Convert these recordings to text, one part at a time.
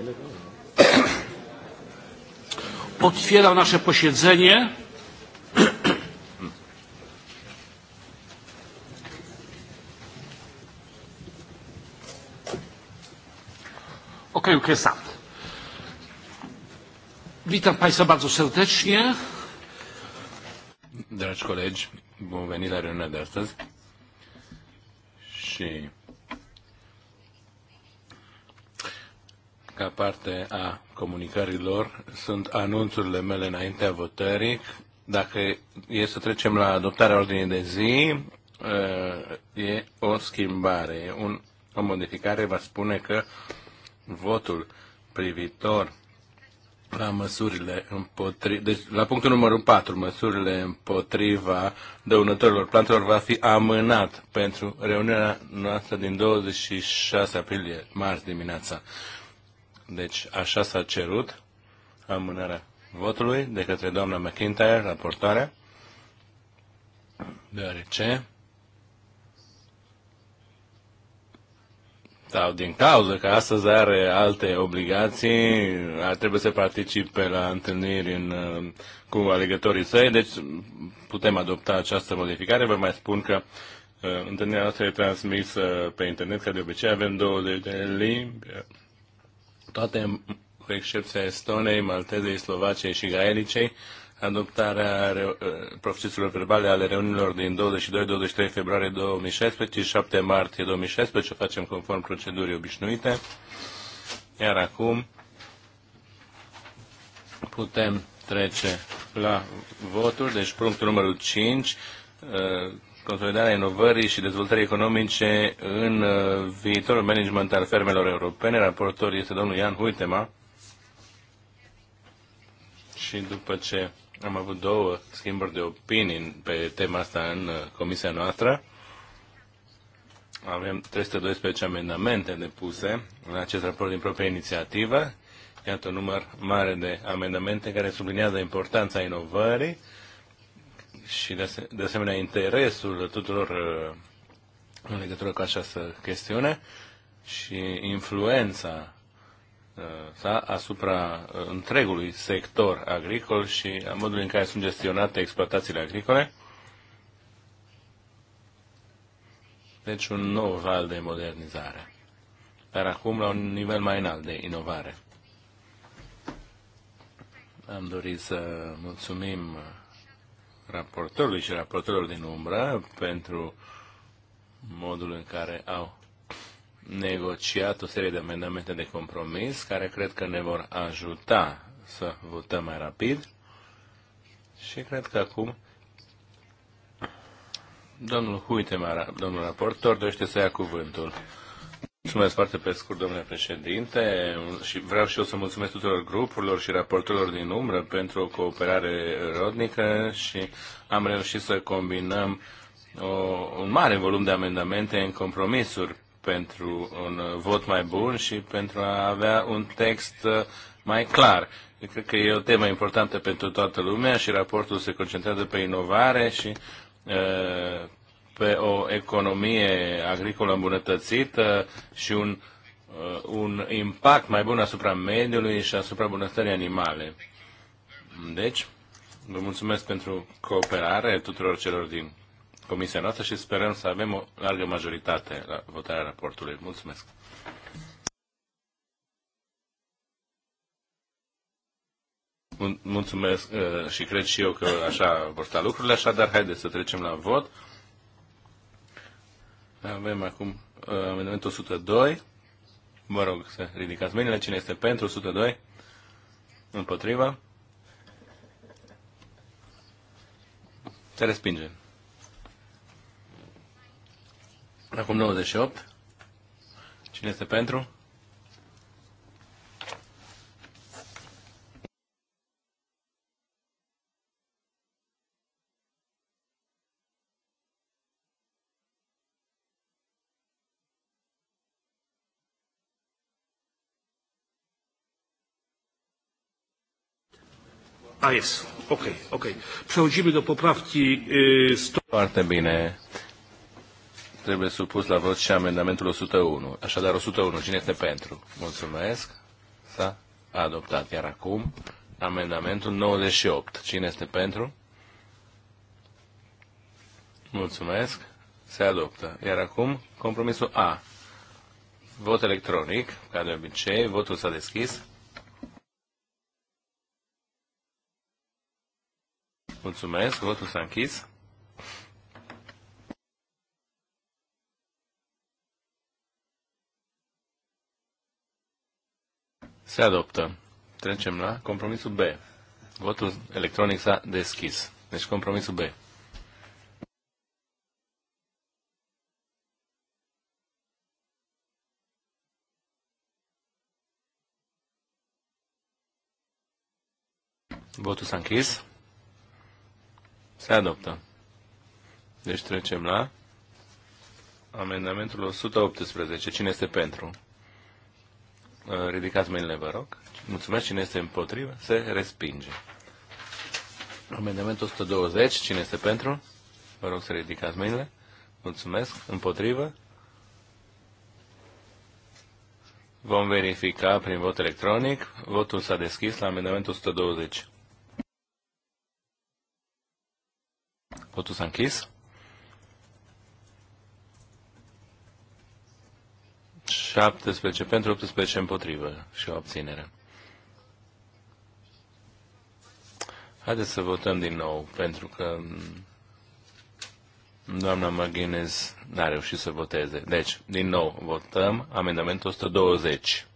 Otwieram nasze posiedzenie. Ok, okay, Sam. Witam Państwa bardzo serdecznie. Dragi colegi, bun venit la reuniunea de astăzi și ca parte a comunicărilor sunt anunțurile mele înaintea votării. Dacă e să trecem la adoptarea ordinii de zi, uh, e o schimbare, e un, o modificare, va spune că votul privitor la măsurile împotriva, deci la punctul numărul 4, măsurile împotriva dăunătorilor plantelor va fi amânat pentru reuniunea noastră din 26 aprilie, marți dimineața. Deci așa s-a cerut amânarea votului de către doamna McIntyre, raportarea, deoarece sau din cauza că astăzi are alte obligații, ar trebui să participe la întâlniri în, cu alegătorii săi, deci putem adopta această modificare. Vă mai spun că uh, întâlnirea noastră e transmisă pe internet, ca de obicei avem două de limbi toate cu excepția Estonei, Maltezei, Slovaciei și Gaelicei, adoptarea uh, proceselor verbale ale reuniunilor din 22-23 februarie 2016 și 7 martie 2016, o facem conform procedurii obișnuite. Iar acum putem trece la voturi, deci punctul numărul 5, consolidarea inovării și dezvoltării economice în uh, viitorul management al fermelor europene. Raportor este domnul Ian Huitema. Și după ce am avut două schimburi de opinii pe tema asta în uh, comisia noastră, avem 312 amendamente depuse în acest raport din proprie inițiativă. Iată un număr mare de amendamente care sublinează importanța inovării și de asemenea interesul tuturor uh, în legătură cu această chestiune și influența uh, sa asupra uh, întregului sector agricol și a modului în care sunt gestionate exploatațiile agricole. Deci un nou val de modernizare, dar acum la un nivel mai înalt de inovare. Am dorit să mulțumim raportorului și raportorilor din umbră pentru modul în care au negociat o serie de amendamente de compromis care cred că ne vor ajuta să votăm mai rapid. Și cred că acum domnul Huitemara, domnul raportor, dorește să ia cuvântul. Mulțumesc foarte pe scurt, domnule președinte, și vreau și eu să mulțumesc tuturor grupurilor și raportorilor din umbră pentru o cooperare rodnică și am reușit să combinăm o, un mare volum de amendamente în compromisuri pentru un vot mai bun și pentru a avea un text mai clar. Eu cred că e o temă importantă pentru toată lumea și raportul se concentrează pe inovare și uh, pe o economie agricolă îmbunătățită și un, uh, un impact mai bun asupra mediului și asupra bunăstării animale. Deci, vă mulțumesc pentru cooperare tuturor celor din comisia noastră și sperăm să avem o largă majoritate la votarea raportului. Mulțumesc! Mulțumesc uh, și cred și eu că așa vor sta lucrurile, așadar haideți să trecem la vot. Avem acum uh, amendamentul 102. Vă rog să ridicați mâinile. Cine este pentru 102? Împotriva? Se respinge. Acum 98. Cine este pentru? A, jest. Ok, ok. Przechodzimy do poprawki Foarte bine. Trebuie supus la vot și amendamentul 101. Așadar, 101. Cine este pentru? Mulțumesc. S-a adoptat. Iar acum, amendamentul 98. Cine este pentru? Mulțumesc. Se adoptă. Iar acum, compromisul A. Vot electronic, ca de obicei, votul s-a deschis. Mulțumesc, votul s-a închis. Se adoptă. Trecem la compromisul B. Votul electronic s-a deschis. Deci compromisul B. Votul s-a închis. Se adoptă. Deci trecem la amendamentul 118. Cine este pentru? Ă, ridicați mâinile, vă rog. Mulțumesc. Cine este împotrivă? Se respinge. Amendamentul 120. Cine este pentru? Vă rog să ridicați mâinile. Mulțumesc. Împotrivă? Vom verifica prin vot electronic. Votul s-a deschis la amendamentul 120. Votul s-a închis. Șaptesprezece pentru, 18 împotrivă și o abținere. Haideți să votăm din nou, pentru că doamna McGuinness n-a reușit să voteze. Deci, din nou, votăm amendamentul 120.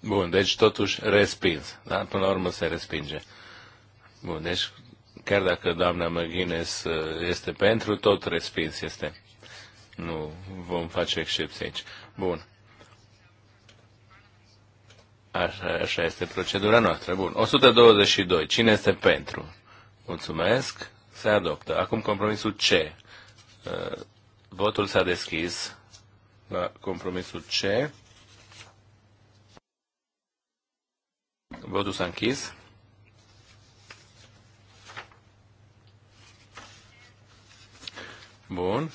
Bun, deci totuși respins. Da? Până la urmă se respinge. Bun, deci chiar dacă doamna McGuinness uh, este pentru, tot respins este. Nu vom face excepție aici. Bun. Așa, așa este procedura noastră. Bun. 122. Cine este pentru? Mulțumesc. Se adoptă. Acum compromisul C. Uh, votul s-a deschis la compromisul C. Votul s-a închis. Bun.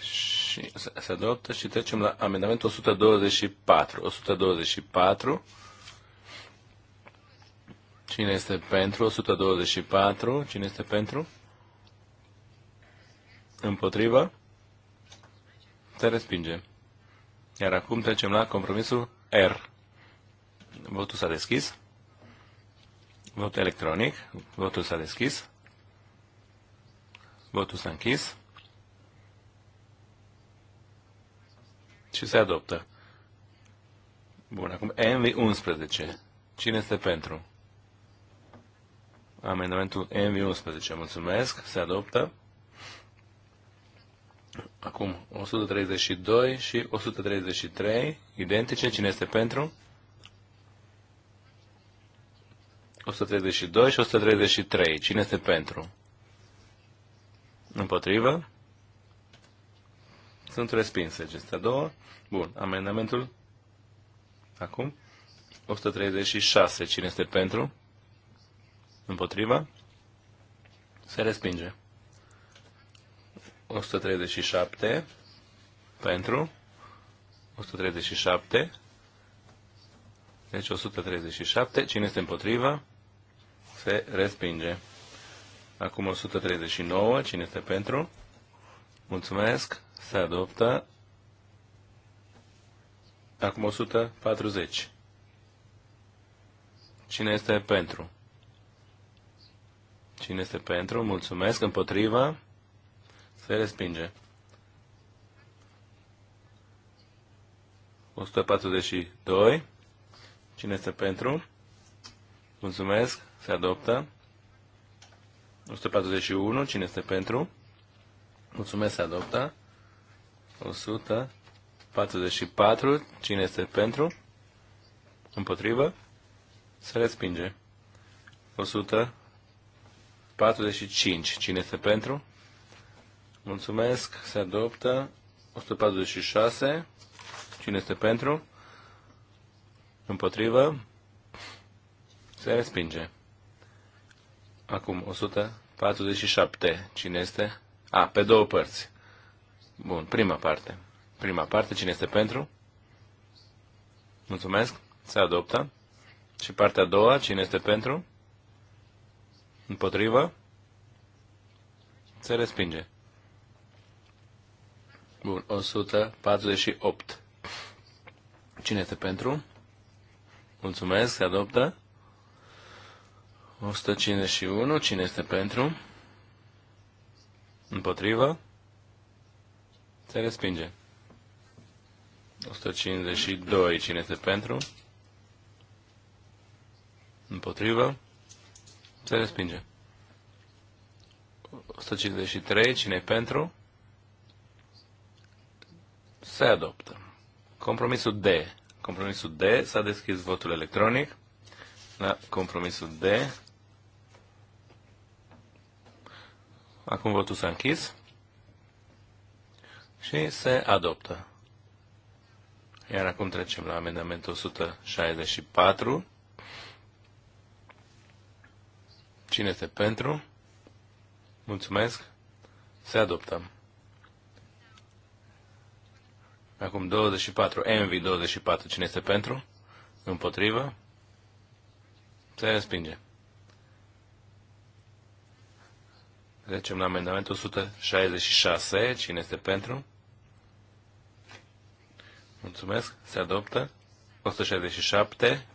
Și se adoptă și trecem la amendamentul 124. 124. Cine este pentru? 124. Cine este pentru? Împotriva? Se respinge. Iar acum trecem la compromisul R. Votul s-a deschis. Vot electronic. Votul s-a deschis. Votul s-a închis. și se adoptă. Bun, acum MV11. Cine este pentru? Amendamentul MV11. Mulțumesc, se adoptă. Acum 132 și 133, identice, cine este pentru? 132 și 133, cine este pentru? Împotrivă? Sunt respinse acestea două. Bun. Amendamentul? Acum? 136. Cine este pentru? Împotriva? Se respinge. 137. Pentru? 137. Deci 137. Cine este împotriva? Se respinge. Acum 139. Cine este pentru? Mulțumesc. Se adoptă. Acum 140. Cine este pentru? Cine este pentru? Mulțumesc. Împotriva? Se respinge. 142. Cine este pentru? Mulțumesc. Se adoptă. 141. Cine este pentru? Mulțumesc. Se adoptă. 144. Cine este pentru? Împotrivă? Se respinge. 145. Cine este pentru? Mulțumesc. Se adoptă. 146. Cine este pentru? Împotrivă? Se respinge. Acum 147. Cine este? A, pe două părți. Bun, prima parte. Prima parte, cine este pentru? Mulțumesc, se adoptă. Și partea a doua, cine este pentru? Împotrivă? Se respinge. Bun, 148. Cine este pentru? Mulțumesc, se adoptă. 151. Cine este pentru? Împotrivă? Se respinge. 152. Cine este pentru? Împotrivă. Se respinge. 153. Cine pentru? Se adoptă. Compromisul D. Compromisul D. S-a deschis votul electronic. La compromisul D. Acum votul s-a închis și se adoptă. Iar acum trecem la amendamentul 164. Cine este pentru? Mulțumesc. Se adoptă. Acum 24. MV 24. Cine este pentru? Împotrivă? Se respinge. Trecem la amendamentul 166. Cine este pentru? Mulțumesc. Se adoptă. 167.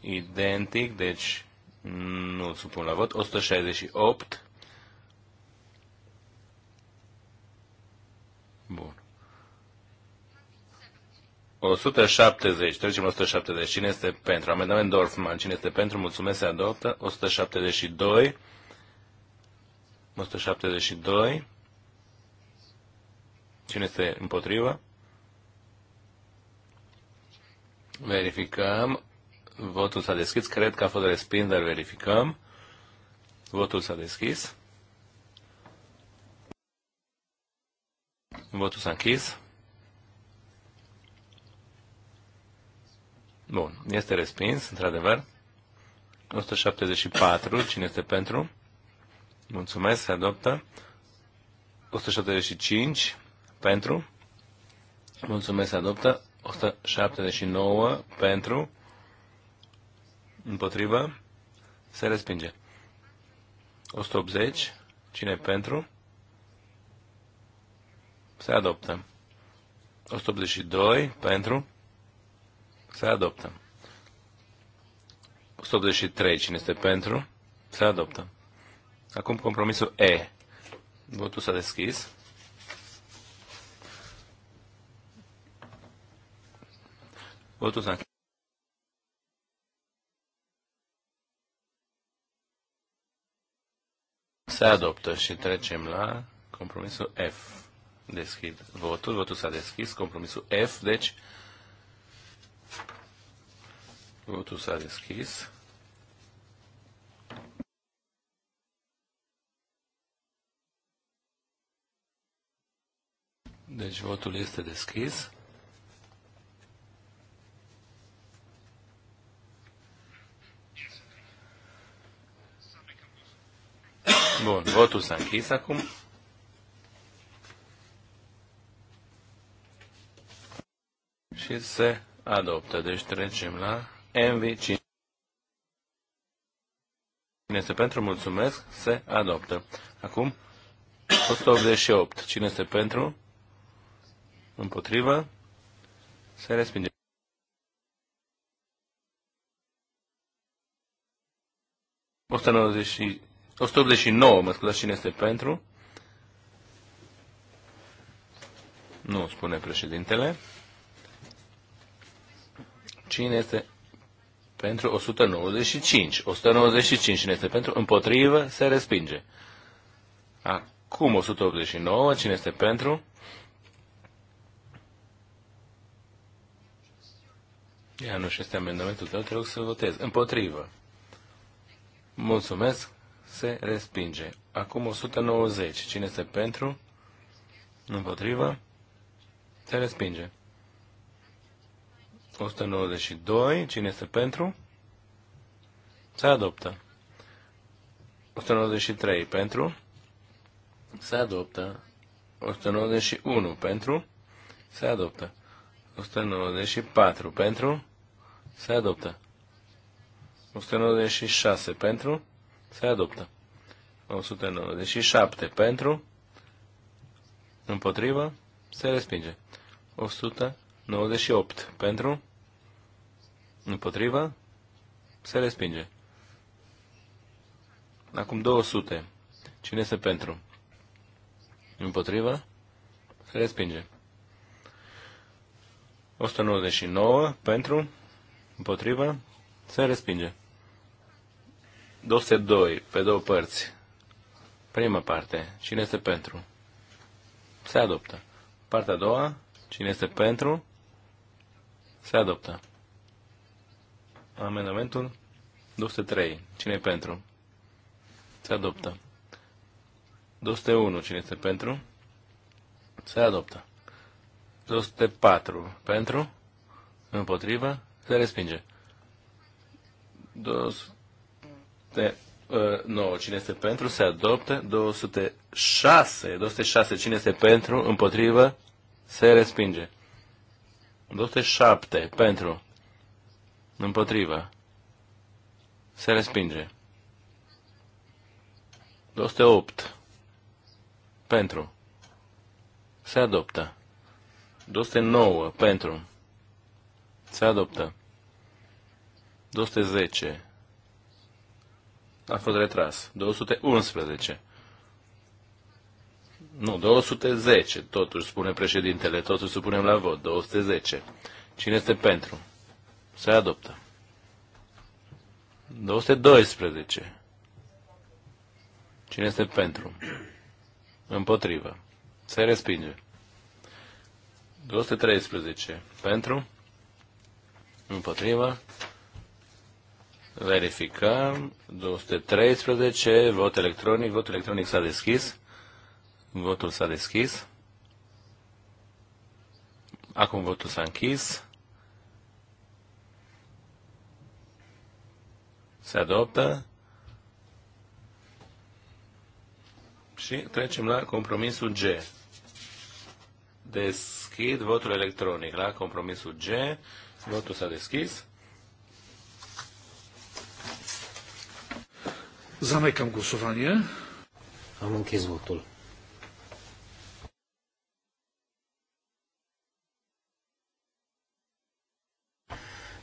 Identic, deci nu îl supun la vot. 168. Bun. 170. Trecem la 170. Cine este pentru? Amendament Dorfman. Cine este pentru? Mulțumesc. Se adoptă. 172. 172. Cine este împotrivă? Verificăm. Votul s-a deschis. Cred că a fost respins, dar verificăm. Votul s-a deschis. Votul s-a închis. Bun, este respins, într-adevăr. 174, cine este pentru? Mulțumesc, se adoptă. 175, pentru? Mulțumesc, se adoptă. 179 pentru, împotrivă, se respinge. 180, cine pentru, se adoptă. 182 pentru, se adoptă. 183, cine este pentru, se adoptă. Acum compromisul E. Votul s-a deschis. Votul s Se adoptă și trecem la compromisul F. Deschid votul, votul s-a deschis, compromisul F, deci votul s-a deschis. Deci votul este deschis. totul s-a închis acum. Și se adoptă. Deci trecem la MV5. Cine este pentru, mulțumesc, se adoptă. Acum, 188. Cine este pentru, împotrivă, se respinge. 189, mă scuzați cine este pentru? Nu, spune președintele. Cine este pentru 195? 195 cine este pentru? Împotrivă se respinge. Acum 189, cine este pentru? Ia nu și este amendamentul tău, te rog să votez. Împotrivă. Mulțumesc se respinge. Acum 190. Cine este pentru? Împotrivă? Se respinge. 192. Cine este pentru? Se adoptă. 193. Pentru? Se adoptă. 191. Pentru? Se adoptă. 194. Pentru? Se adoptă. 196. Pentru? Se adoptă. 197 pentru, împotrivă, se respinge. 198 pentru, împotrivă, se respinge. Acum 200. Cine este pentru? Împotrivă? Se respinge. 199 pentru, împotrivă, se respinge. 202, pe două părți. Prima parte, cine este pentru? Se adoptă. Partea a doua, cine este pentru? Se adoptă. Amendamentul 203, cine e pentru? Se adoptă. 201, cine este pentru? Se adoptă. 204, pentru? Împotrivă? Se respinge. 200 209. Uh, Cine este pentru? Se adoptă. 206. 206. Cine este pentru? Împotrivă? Se respinge. 207. Pentru. Împotrivă. Se respinge. 208. Pentru. Se adoptă. 209. Pentru. Se adoptă. 210. A fost retras. 211. Nu, 210, totuși spune președintele, totuși supunem la vot, 210. Cine este pentru? Se adoptă. 212. Cine este pentru? Împotrivă. Se respinge. 213. Pentru? Împotrivă. Verificăm. 213. Vot electronic. Votul electronic s-a deschis. Votul s-a deschis. Acum votul s-a închis. Se adoptă. Și trecem la compromisul G. Deschid votul electronic la compromisul G. Votul s-a deschis. Zamykam głosowanie. Am închis votul.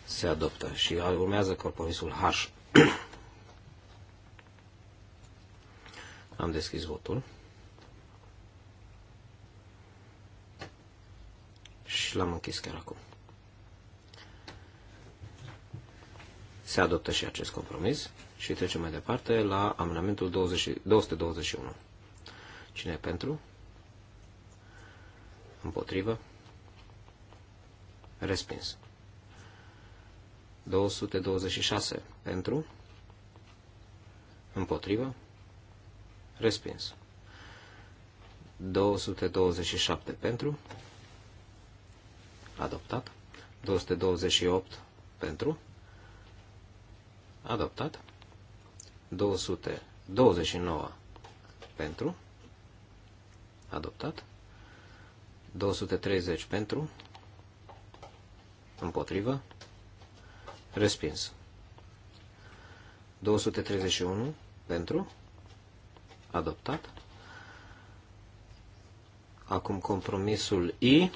Se adoptă și urmează compromisul H. Am deschis votul. Și l-am închis chiar acum. Se adoptă și acest compromis. Și trecem mai departe la amendamentul 20, 221. Cine e pentru? Împotrivă? Respins. 226 pentru? Împotrivă? Respins. 227 pentru? Adoptat. 228 pentru? Adoptat. 229 pentru, adoptat, 230 pentru, împotrivă, respins, 231 pentru, adoptat, acum compromisul I,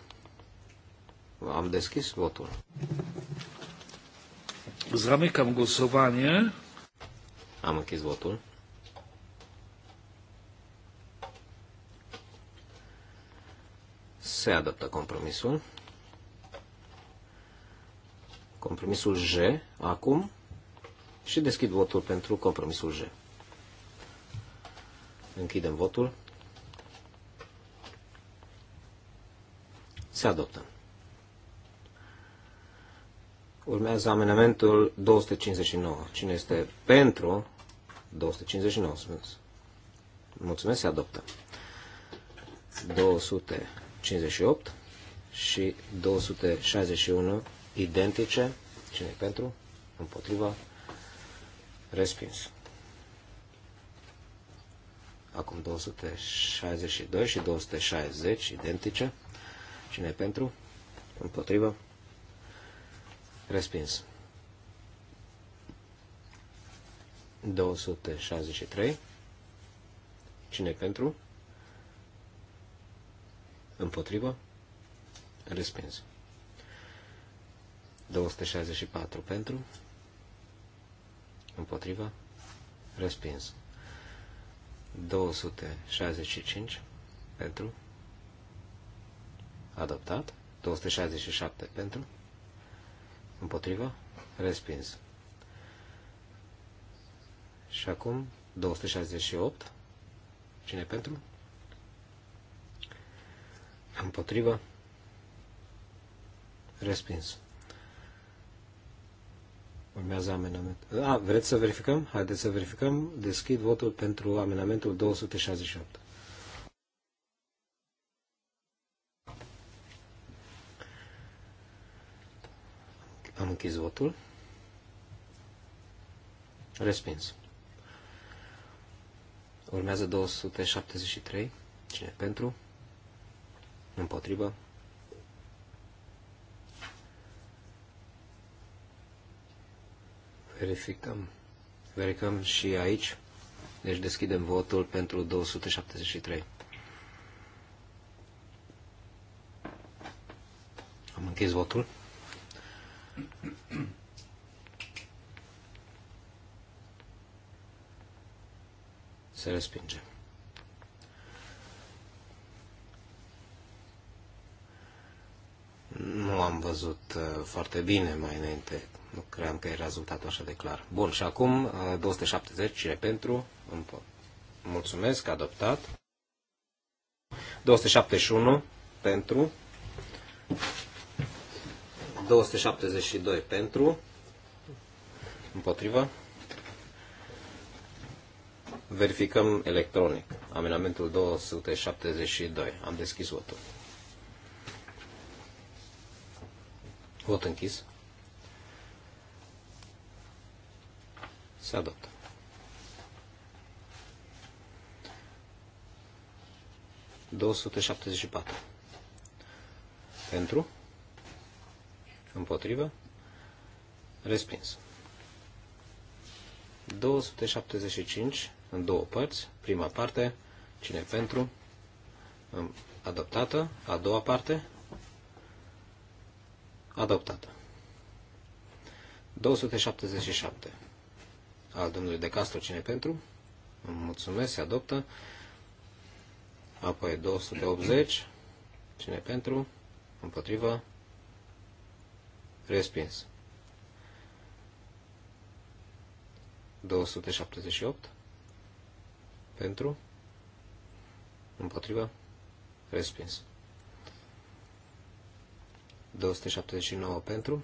am deschis votul. Zamykam głosowanie. Am închis votul. Se adaptă compromisul. Compromisul J acum și deschid votul pentru compromisul J. Închidem votul. Se adoptă. Urmează amenamentul 259. Cine este pentru 259. Mulțumesc, se adoptă. 258 și 261 identice. Cine pentru? Împotriva? Respins. Acum 262 și 260 identice. Cine pentru? Împotriva? Respins. 263. Cine pentru? Împotrivă? Respins. 264 pentru? Împotrivă? Respins. 265 pentru? Adoptat. 267 pentru? Împotrivă? Respins. Și acum 268. Cine pentru? Împotrivă. Respins. Urmează amenamentul. A, vreți să verificăm? Haideți să verificăm. Deschid votul pentru amenamentul 268. Am închis votul. Respins. Urmează 273. Cine pentru? Împotrivă. Verificăm. Verificăm și aici. Deci deschidem votul pentru 273. Am închis votul. se respinge. Nu am văzut uh, foarte bine mai înainte. Nu cream că e rezultatul așa de clar. Bun, și acum 270, uh, cine pentru? Mulțumesc, adoptat. 271 pentru. 272 pentru. Împotrivă. Verificăm electronic. Amendamentul 272. Am deschis votul. Vot închis. Se adoptă. patru. Pentru. Împotrivă. Respins. 275 în două părți. Prima parte, cine pentru, adoptată. A doua parte, adoptată. 277. Al domnului De Castro, cine pentru? îmi Mulțumesc, se adoptă. Apoi 280. Cine pentru? Împotrivă? Respins. 278 pentru, împotriva, respins. 279 pentru,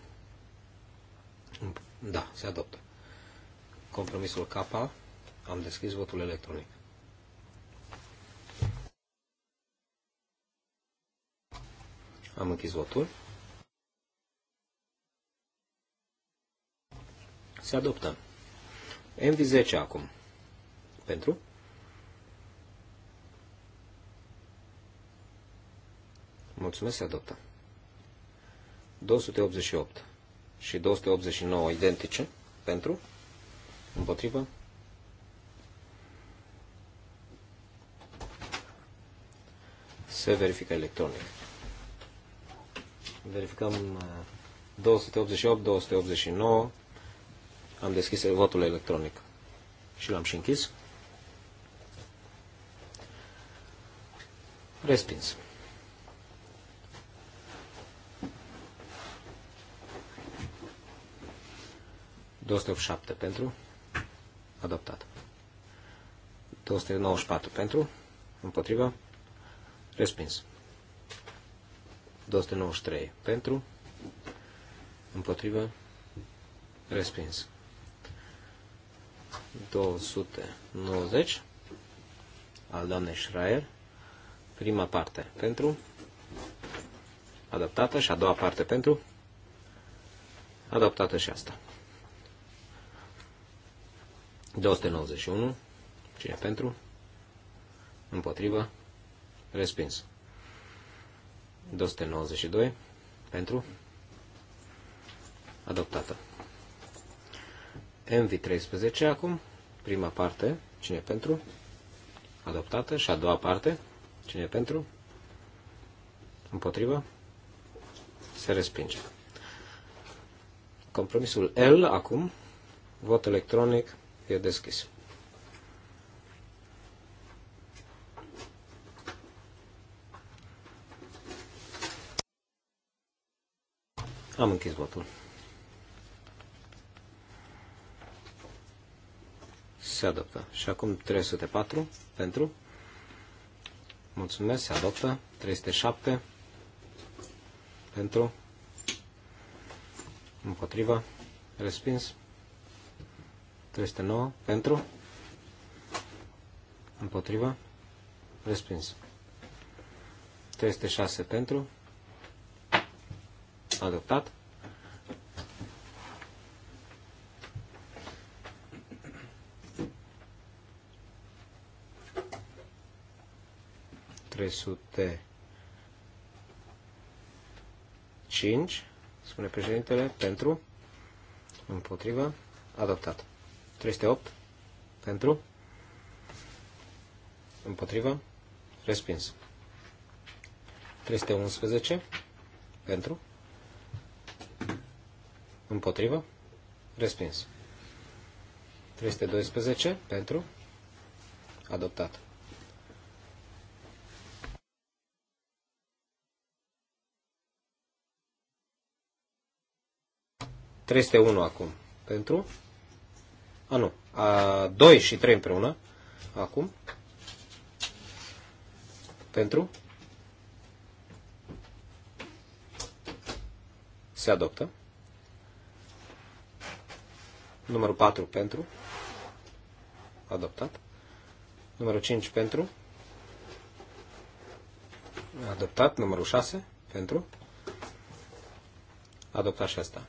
da, se adoptă. Compromisul K, am deschis votul electronic. Am închis votul. Se adoptă. MV10 acum. Pentru? Mulțumesc, se adoptă. 288 și 289 identice pentru, împotrivă. Se verifică electronic. Verificăm 288, uh, 289. Am deschis votul electronic și l-am și închis. Respins. 287 pentru, adoptat. 294 pentru, împotriva, respins. 293 pentru, împotriva, respins. 290 al doamnei Schreier, prima parte pentru, adaptată și a doua parte pentru, adaptată și asta. 291. Cine pentru? Împotrivă. Respins. 292. Pentru. Adoptată. MV13 acum. Prima parte. Cine pentru? Adoptată. Și a doua parte. Cine pentru? Împotrivă. Se respinge. Compromisul L acum. Vot electronic E deschis. Am închis votul. Se adoptă. Și acum 304 pentru. Mulțumesc, se adoptă. 307 pentru. Împotriva. Respins. 309 pentru, împotriva, respins. 306 pentru, adoptat. 305, spune președintele, pentru, împotriva, adoptat. 308 pentru, împotriva, respins. 311 pentru, împotriva, respins. 312 pentru, adoptat. Treste 1 acum. Pentru a, nu. A, 2 și 3 împreună. Acum. Pentru. Se adoptă. Numărul 4 pentru. Adoptat. Numărul 5 pentru. Adoptat. Numărul 6 pentru. Adoptat și asta.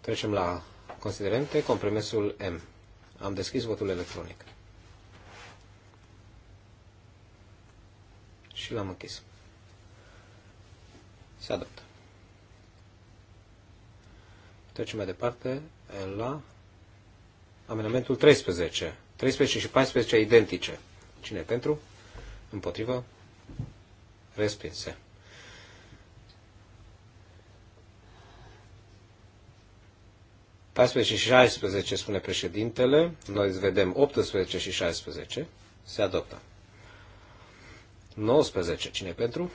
Trecem la Considerente, compromisul M. Am deschis votul electronic. Și l-am închis. Se adoptă. Trecem mai departe la amendamentul 13. 13 și 14 identice. Cine pentru? Împotrivă? Respinse. 14 și 16, spune președintele. Noi vedem 18 și 16. Se adoptă. 19. Cine pentru?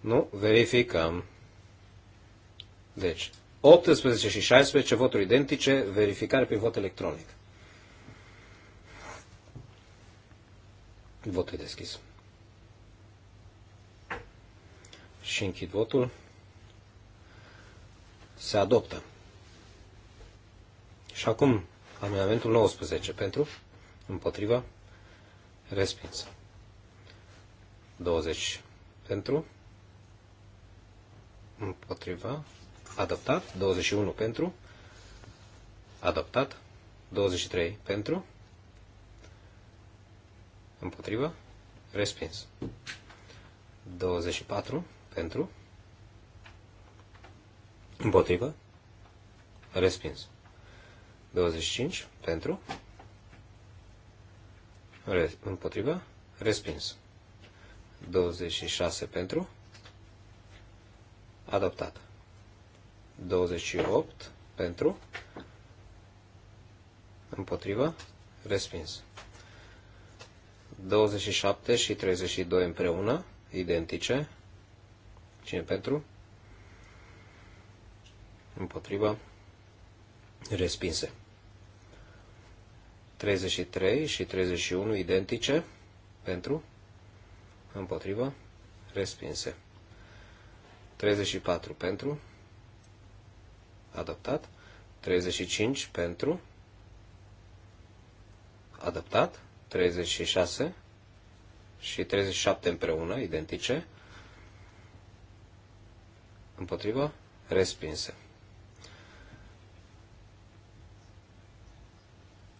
Nu. Verificăm. Deci, 18 și 16 voturi identice, verificare prin vot electronic. Votul e deschis. Și închid votul se adoptă. Și acum amendamentul 19 pentru, împotriva, respins. 20 pentru, împotriva, adoptat, 21 pentru, adoptat, 23 pentru, împotriva, respins. 24 pentru, Împotrivă. Respins. 25 pentru. Re, împotrivă. Respins. 26 pentru. Adoptat. 28 pentru. Împotrivă. Respins. 27 și 32 împreună, identice. Cine pentru? împotriva, respinse. 33 și 31 identice, pentru, împotriva, respinse. 34 pentru, adoptat. 35 pentru, adoptat. 36 și 37 împreună, identice, împotriva, respinse.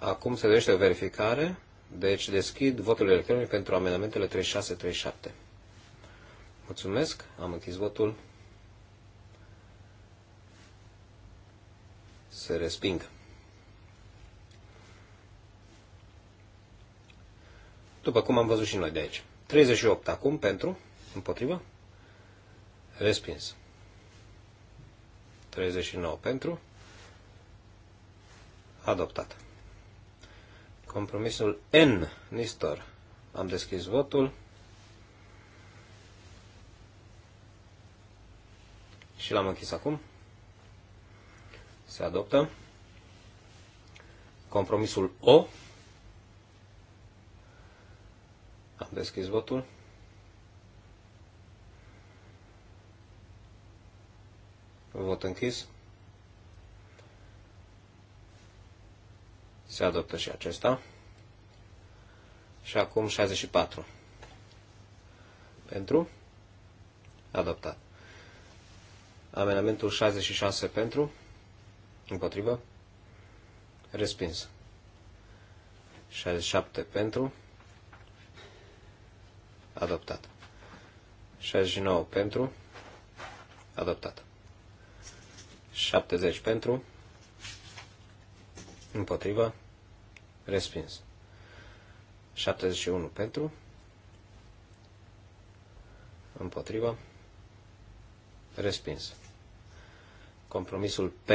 Acum se dorește o verificare, deci deschid votul electronic pentru amendamentele 3637. Mulțumesc, am închis votul. Se resping. După cum am văzut și noi de aici. 38 acum pentru, împotriva, respins. 39 pentru, adoptat. Compromisul N, Nistor. Am deschis votul. Și l-am închis acum. Se adoptă. Compromisul O. Am deschis votul. Vot închis. Se adoptă și acesta. Și acum 64. Pentru. Adoptat. Amenamentul 66 pentru. Împotrivă. Respins. 67 pentru. Adoptat. 69 pentru. Adoptat. 70 pentru. Împotrivă. Respins. 71 pentru. Împotrivă. Respins. Compromisul P.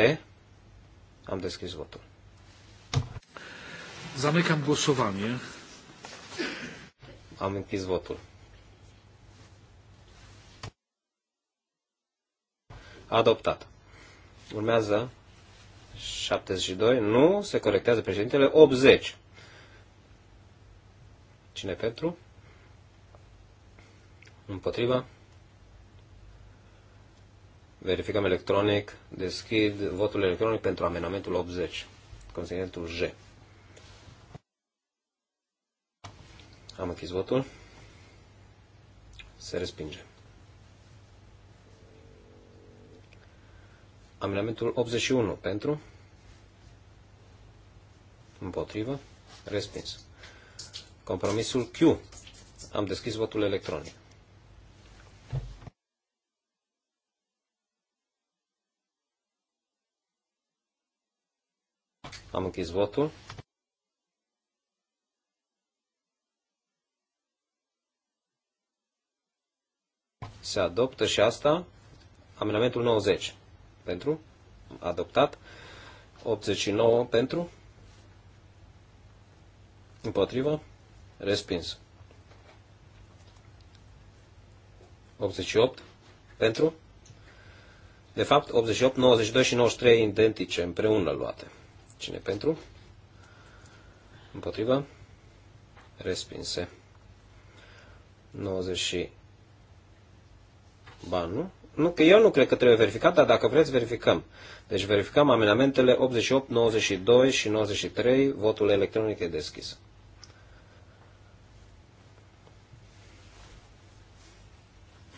Am deschis votul. Zamecam głosowanie. Am închis votul. Adoptat. Urmează 72, nu, se corectează președintele, 80. Cine pentru? Împotriva? Verificăm electronic, deschid votul electronic pentru amenamentul 80, considerentul G. Am închis votul. Se respinge. Amendamentul 81 pentru, împotrivă, respins. Compromisul Q. Am deschis votul electronic. Am închis votul. Se adoptă și asta. Amendamentul 90 pentru, adoptat. 89 pentru, împotrivă, respins. 88 pentru, de fapt 88, 92 și 93 identice împreună luate. Cine pentru? Împotrivă, respinse. 90 și... Ba, nu? Nu, că eu nu cred că trebuie verificat, dar dacă vreți, verificăm. Deci verificăm amendamentele 88, 92 și 93. Votul electronic e deschis.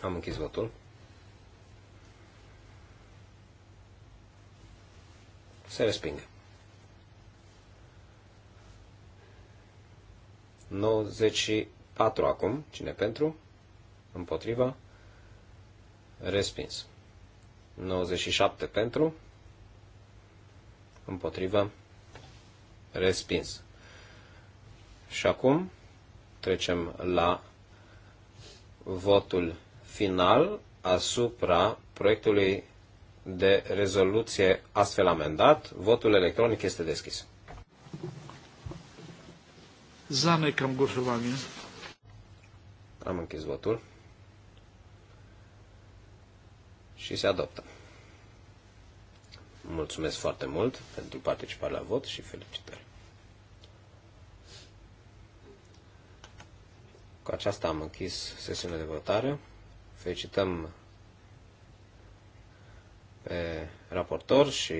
Am închis votul. Se respinge. 94 acum. Cine pentru? Împotriva? Respins. 97 pentru. Împotrivă. Respins. Și acum trecem la votul final asupra proiectului de rezoluție astfel amendat. Votul electronic este deschis. Zamecam głosowanie. Am închis votul. și se adoptă. Mulțumesc foarte mult pentru participarea la vot și felicitări. Cu aceasta am închis sesiunea de votare. Felicităm pe raportor și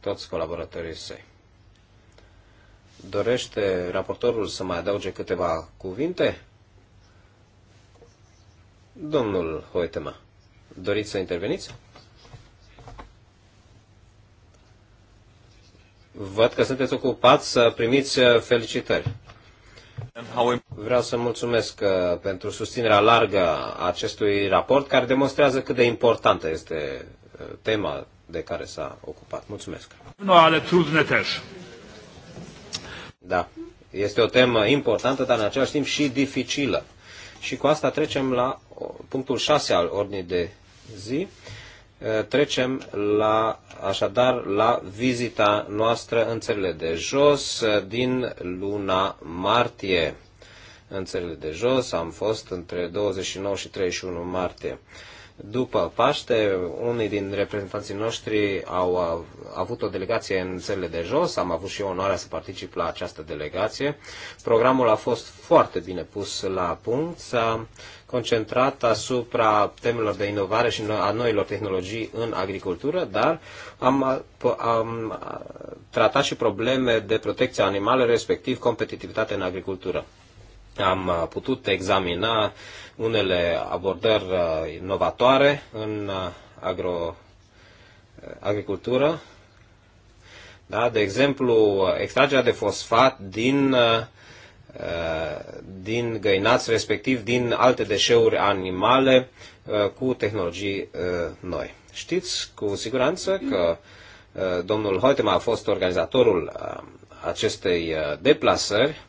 toți colaboratorii săi. Dorește raportorul să mai adauge câteva cuvinte? Domnul Hoitema. Doriți să interveniți? Văd că sunteți ocupați să primiți uh, felicitări. Vreau să mulțumesc uh, pentru susținerea largă a acestui raport, care demonstrează cât de importantă este uh, tema de care s-a ocupat. Mulțumesc. ale Da, este o temă importantă, dar în același timp și dificilă. Și cu asta trecem la punctul 6 al ordinii de zi. Trecem la, așadar la vizita noastră în țările de jos din luna martie. În țările de jos am fost între 29 și 31 martie. După Paște, unii din reprezentanții noștri au avut o delegație în țările de jos, am avut și eu onoarea să particip la această delegație. Programul a fost foarte bine pus la punct, s-a concentrat asupra temelor de inovare și a noilor tehnologii în agricultură, dar am, am tratat și probleme de protecție a animalelor, respectiv competitivitate în agricultură. Am uh, putut examina unele abordări uh, inovatoare în uh, agro, agricultură. Da? De exemplu, extragerea de fosfat din, din găinați, respectiv din alte deșeuri animale, cu tehnologii noi. Știți cu siguranță că domnul Hoitema a fost organizatorul acestei deplasări,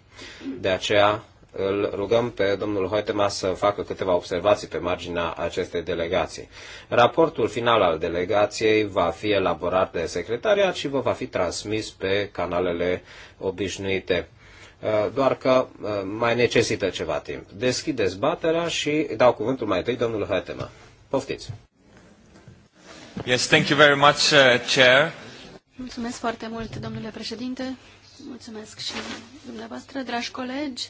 de aceea îl rugăm pe domnul Hoitema să facă câteva observații pe marginea acestei delegații. Raportul final al delegației va fi elaborat de secretariat și vă va fi transmis pe canalele obișnuite. Uh, doar că uh, mai necesită ceva timp. Deschid dezbaterea și dau cuvântul mai întâi domnul Hoitema. Poftiți! Yes, thank you very much, uh, Chair. Mulțumesc foarte mult, domnule președinte. Mulțumesc și dumneavoastră, dragi colegi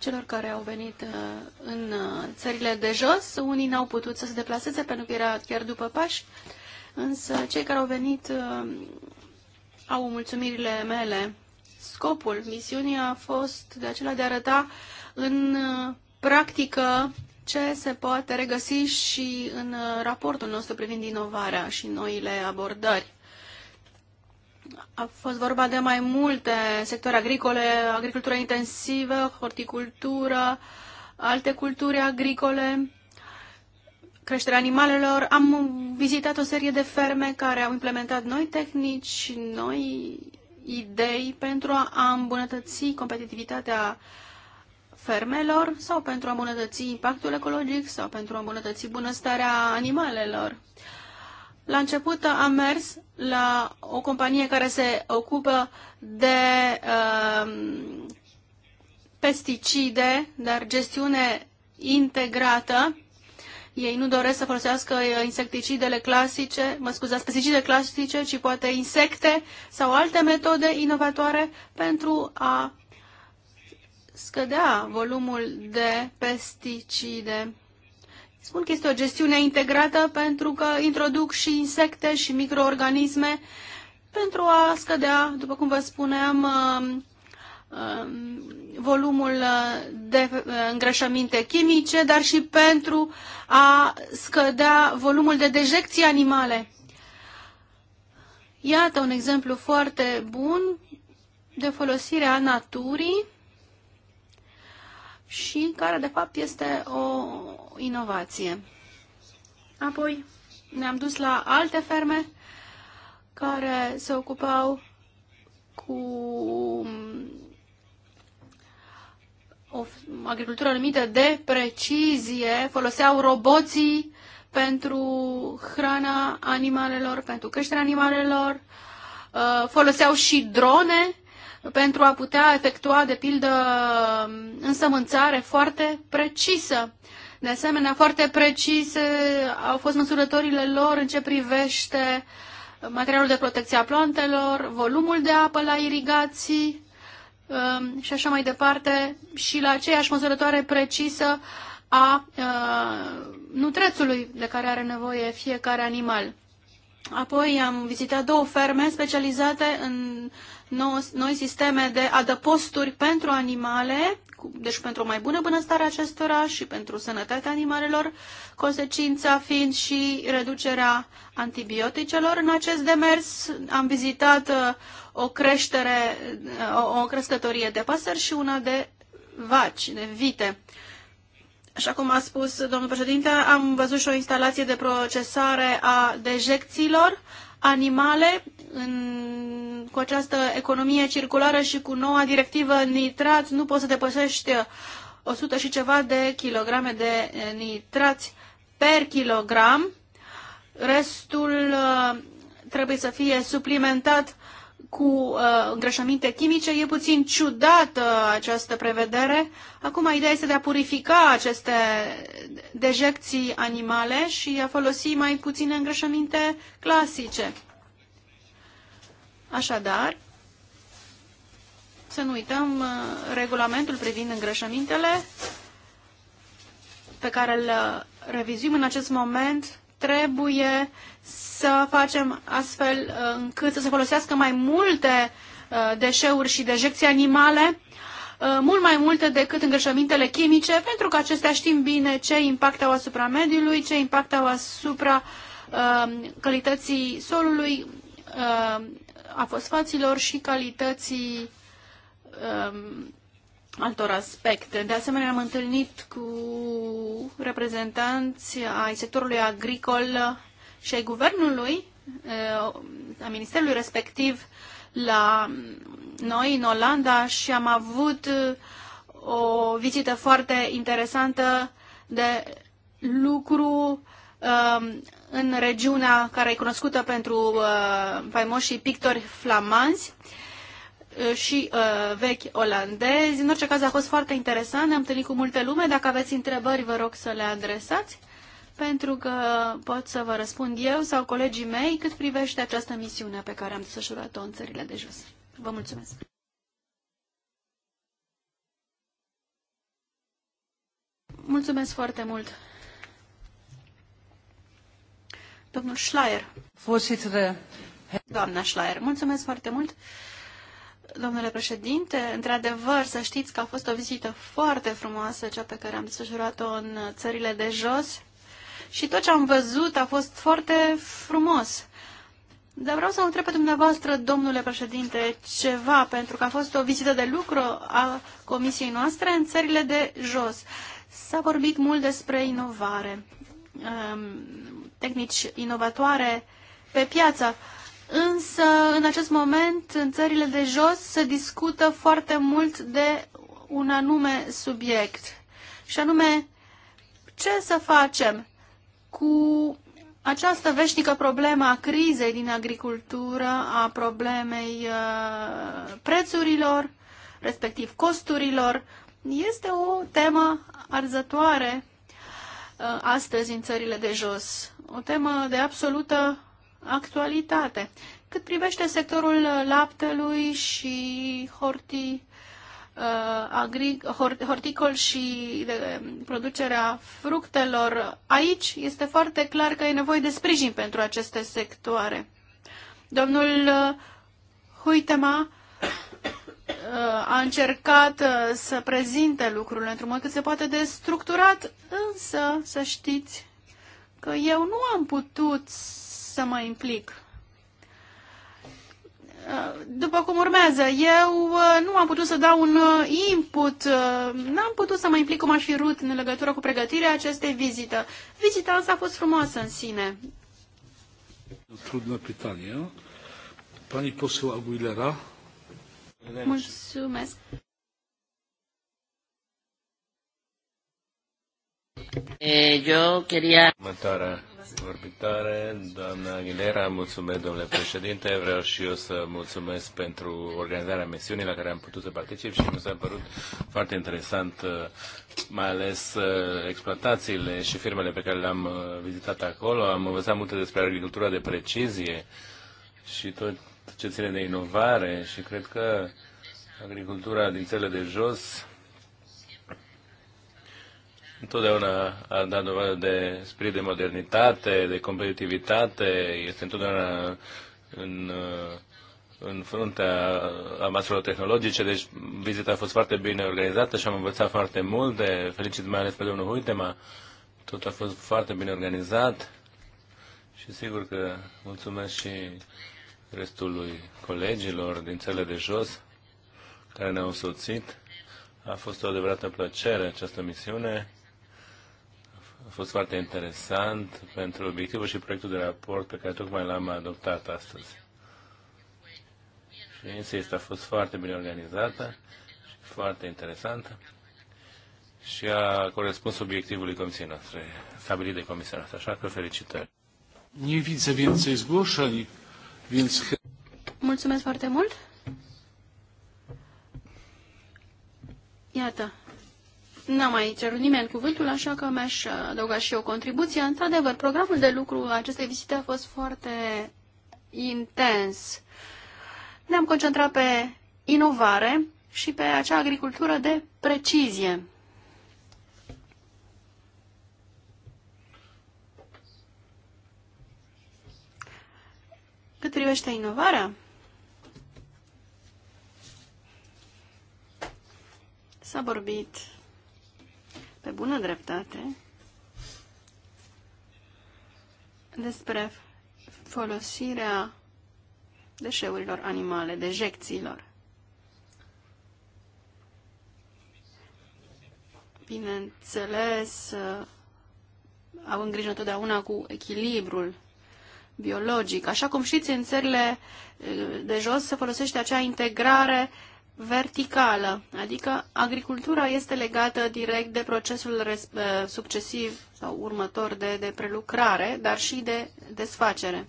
celor care au venit uh, în uh, țările de jos. Unii n-au putut să se deplaseze pentru că era chiar după pași, însă cei care au venit uh, au mulțumirile mele. Scopul misiunii a fost de acela de a arăta în practică ce se poate regăsi și în raportul nostru privind inovarea și noile abordări. A fost vorba de mai multe sectoare agricole, agricultură intensivă, horticultură, alte culturi agricole, creșterea animalelor. Am vizitat o serie de ferme care au implementat noi tehnici, noi idei pentru a îmbunătăți competitivitatea fermelor sau pentru a îmbunătăți impactul ecologic sau pentru a îmbunătăți bunăstarea animalelor. Uh, la început am mers la o companie care se ocupă de uh, pesticide, dar gestiune integrată. Ei nu doresc să folosească uh, insecticidele clasice, mă scuzați, pesticide clasice, ci poate insecte sau alte metode inovatoare pentru a scădea volumul de pesticide Spun că este o gestiune integrată pentru că introduc și insecte și microorganisme pentru a scădea, după cum vă spuneam, um, um, volumul de uh, îngrășăminte chimice, dar și pentru a scădea volumul de dejecții animale. Iată un exemplu foarte bun de folosirea naturii și care, de fapt, este o inovație. Apoi ne-am dus la alte ferme care se ocupau cu um, o agricultură numită de precizie, foloseau roboții pentru hrana animalelor, pentru creșterea animalelor, uh, foloseau și drone pentru a putea efectua, de pildă, însămânțare foarte precisă. De asemenea, foarte precise au fost măsurătorile lor în ce privește materialul de protecție a plantelor, volumul de apă la irigații um, și așa mai departe, și la aceeași măsurătoare precisă a uh, nutrețului de care are nevoie fiecare animal. Apoi am vizitat două ferme specializate în noi, sisteme de adăposturi pentru animale, deci pentru o mai bună bunăstare acestora și pentru sănătatea animalelor, consecința fiind și reducerea antibioticelor. În acest demers am vizitat uh, o creștere, uh, o, o crescătorie de păsări și una de vaci, de vite. Așa cum a spus domnul președinte, am văzut și o instalație de procesare a dejecțiilor animale în, cu această economie circulară și cu noua directivă nitrați nu poți să depășești 100 uh, și ceva de kilograme de uh, nitrați per kilogram. Restul uh, trebuie să fie suplimentat cu uh, îngrășăminte chimice. E puțin ciudată această prevedere. Acum, ideea este de a purifica aceste dejecții animale și a folosi mai puține îngrășăminte clasice. Așadar, să nu uităm uh, regulamentul privind îngrășămintele pe care îl uh, revizuim în acest moment trebuie să facem astfel uh, încât să se folosească mai multe deșeuri și dejecții animale, mult mai multe decât îngrășămintele chimice, pentru că acestea știm bine ce impact au asupra mediului, ce impact au asupra calității solului, a fosfaților și calității um, altor aspecte. De asemenea, am întâlnit cu reprezentanți ai sectorului agricol și ai guvernului, uh, a ministerului respectiv, la noi, în Olanda, și am avut o vizită foarte interesantă de lucru Um, în regiunea care e cunoscută pentru uh, faimoșii pictori flamanzi uh, și uh, vechi olandezi. În orice caz a fost foarte interesant, ne-am întâlnit cu multe lume. Dacă aveți întrebări, vă rog să le adresați, pentru că pot să vă răspund eu sau colegii mei cât privește această misiune pe care am desfășurat-o în țările de jos. Vă mulțumesc! Mulțumesc foarte mult, Domnul Schleier. Eh, Doamna Schleier, mulțumesc foarte mult. Domnule președinte, într-adevăr, să știți că a fost o vizită foarte frumoasă, cea pe care am desfășurat-o în țările de jos și tot ce am văzut a fost foarte frumos. Dar vreau să întreb pe dumneavoastră, domnule președinte, ceva, pentru că a fost o vizită de lucru a comisiei noastre în țările de jos. S-a vorbit mult despre inovare. Ehm, tehnici inovatoare pe piață. Însă, în acest moment, în țările de jos se discută foarte mult de un anume subiect. Și anume, ce să facem cu această veșnică problemă a crizei din agricultură, a problemei uh, prețurilor, respectiv costurilor, este o temă arzătoare uh, astăzi în țările de jos o temă de absolută actualitate. Cât privește sectorul laptelui și horti, uh, agri, horticol și de, producerea fructelor, aici este foarte clar că e nevoie de sprijin pentru aceste sectoare. Domnul uh, Huitema uh, a încercat să prezinte lucrurile într-un mod cât se poate de structurat, însă să știți că eu nu am putut să mă implic. După cum urmează, eu uh, nu am putut să dau un uh, input, uh, n-am putut să mă implic cum aș fi rut în legătură cu pregătirea acestei vizită. Vizita însă a fost frumoasă în sine. trudnă pitanie. Pani poseł Aguilera. Mulțumesc. Eu eh, queria... Următoarea vorbitoare, doamna Aguilera, mulțumesc, domnule președinte. Vreau și eu să mulțumesc pentru organizarea misiunii la care am putut să particip și mi s-a părut foarte interesant, eh, mai ales eh, exploatațiile și firmele pe care le-am vizitat acolo. Am învățat multe despre agricultura de precizie și tot ce ține de inovare și cred că agricultura din țările de jos întotdeauna a dat dovadă de spirit de modernitate, de competitivitate, este întotdeauna în, în fruntea avansurilor tehnologice, deci vizita a fost foarte bine organizată și am învățat foarte mult de felicit mai ales pe domnul Huitema. Tot a fost foarte bine organizat și sigur că mulțumesc și restului colegilor din țările de jos care ne-au însoțit. A fost o adevărată plăcere această misiune a fost foarte interesant pentru obiectivul și proiectul de raport pe care tocmai l-am adoptat astăzi. Și este a fost foarte bine organizată și foarte interesantă și a corespuns obiectivului comisiei noastre, stabilit de comisia noastră. Așa că felicitări. Mulțumesc foarte mult! Iată, N-a mai cerut nimeni cuvântul, așa că mi-aș adăuga și eu contribuția. Într-adevăr, programul de lucru acestei vizite a fost foarte intens. Ne-am concentrat pe inovare și pe acea agricultură de precizie. Cât privește inovarea, s-a vorbit pe bună dreptate, despre folosirea deșeurilor animale, dejecțiilor. Bineînțeles, uh, au îngrijă întotdeauna cu echilibrul biologic. Așa cum știți, în țările uh, de jos se folosește acea integrare verticală, adică agricultura este legată direct de procesul eh, succesiv sau următor de, de prelucrare, dar și de desfacere.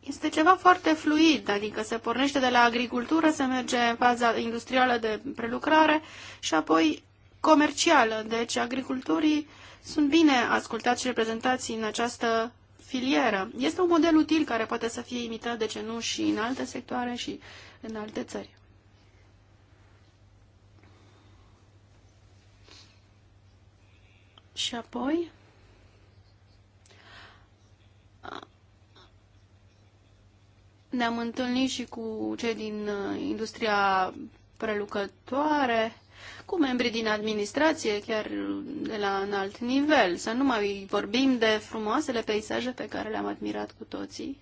Este ceva foarte fluid, adică se pornește de la agricultură, se merge în faza industrială de prelucrare și apoi comercială. Deci agriculturii sunt bine ascultați și reprezentați în această filieră. Este un model util care poate să fie imitat, de ce nu, și în alte sectoare și în alte țări. Și apoi ne-am întâlnit și cu cei din uh, industria prelucătoare cu membrii din administrație, chiar de la un alt nivel. Să nu mai vorbim de frumoasele peisaje pe care le-am admirat cu toții.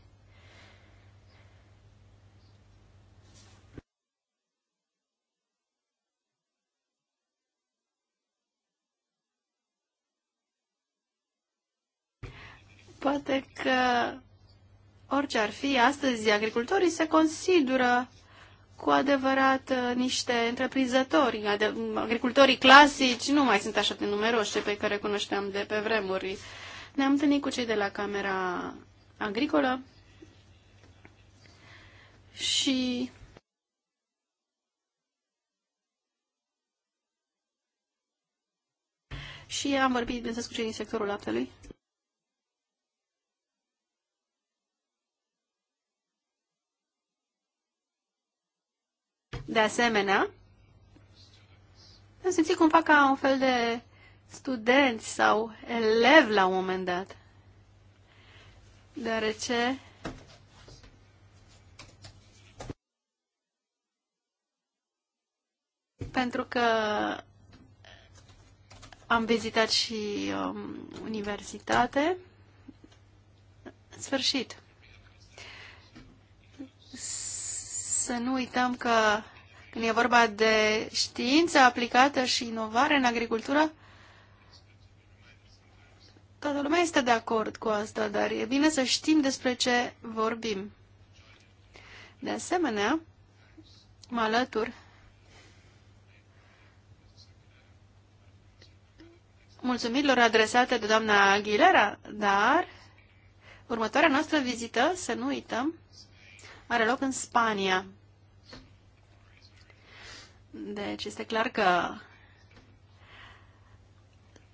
Poate că orice ar fi, astăzi agricultorii se consideră cu adevărat uh, niște întreprinzători. Agricultorii clasici nu mai sunt așa de numeroși, pe care cunoșteam de pe vremuri. Ne-am întâlnit cu cei de la Camera Agricolă și și am vorbit, bineînțeles, cu cei din sectorul laptelui. De asemenea, am simțit cumva ca un fel de studenți sau elev la un moment dat. Deoarece pentru că am vizitat și um, universitate. În sfârșit. Să nu uităm că când e vorba de știință aplicată și inovare în agricultură, toată lumea este de acord cu asta, dar e bine să știm despre ce vorbim. De asemenea, mă alătur mulțumirilor adresate de doamna Aguilera, dar următoarea noastră vizită, să nu uităm, are loc în Spania. Deci este clar că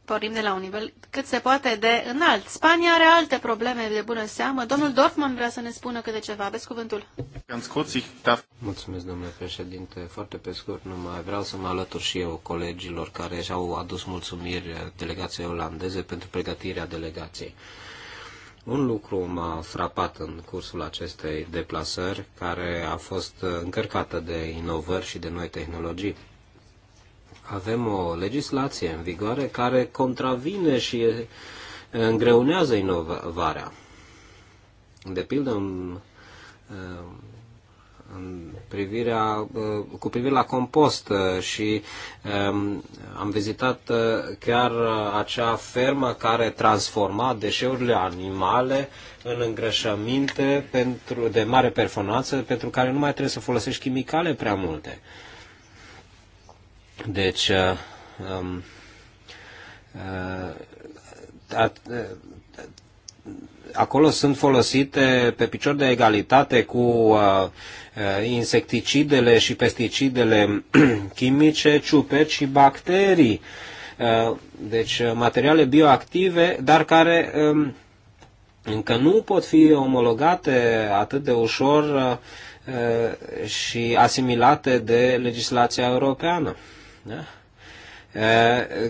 pornim de la un nivel cât se poate de înalt. Spania are alte probleme de bună seamă. Domnul Dorfman vrea să ne spună câte ceva. Aveți cuvântul. Mulțumesc, domnule președinte. Foarte pe scurt, numai vreau să mă alătur și eu colegilor care și-au adus mulțumiri delegației olandeze pentru pregătirea delegației. Un lucru m-a frapat în cursul acestei deplasări, care a fost încărcată de inovări și de noi tehnologii. Avem o legislație în vigoare care contravine și îngreunează inovarea. De pildă, în în privirea, uh, cu privire la compost uh, și um, am vizitat uh, chiar acea fermă care transforma deșeurile animale în îngrășăminte pentru, de mare performanță pentru care nu mai trebuie să folosești chimicale prea multe. Deci, um, uh, at, uh, acolo sunt folosite pe picior de egalitate cu uh, uh, insecticidele și pesticidele chimice, ciuperci și bacterii. Uh, deci materiale bioactive, dar care um, încă nu pot fi omologate atât de ușor și asimilate de legislația europeană. Da?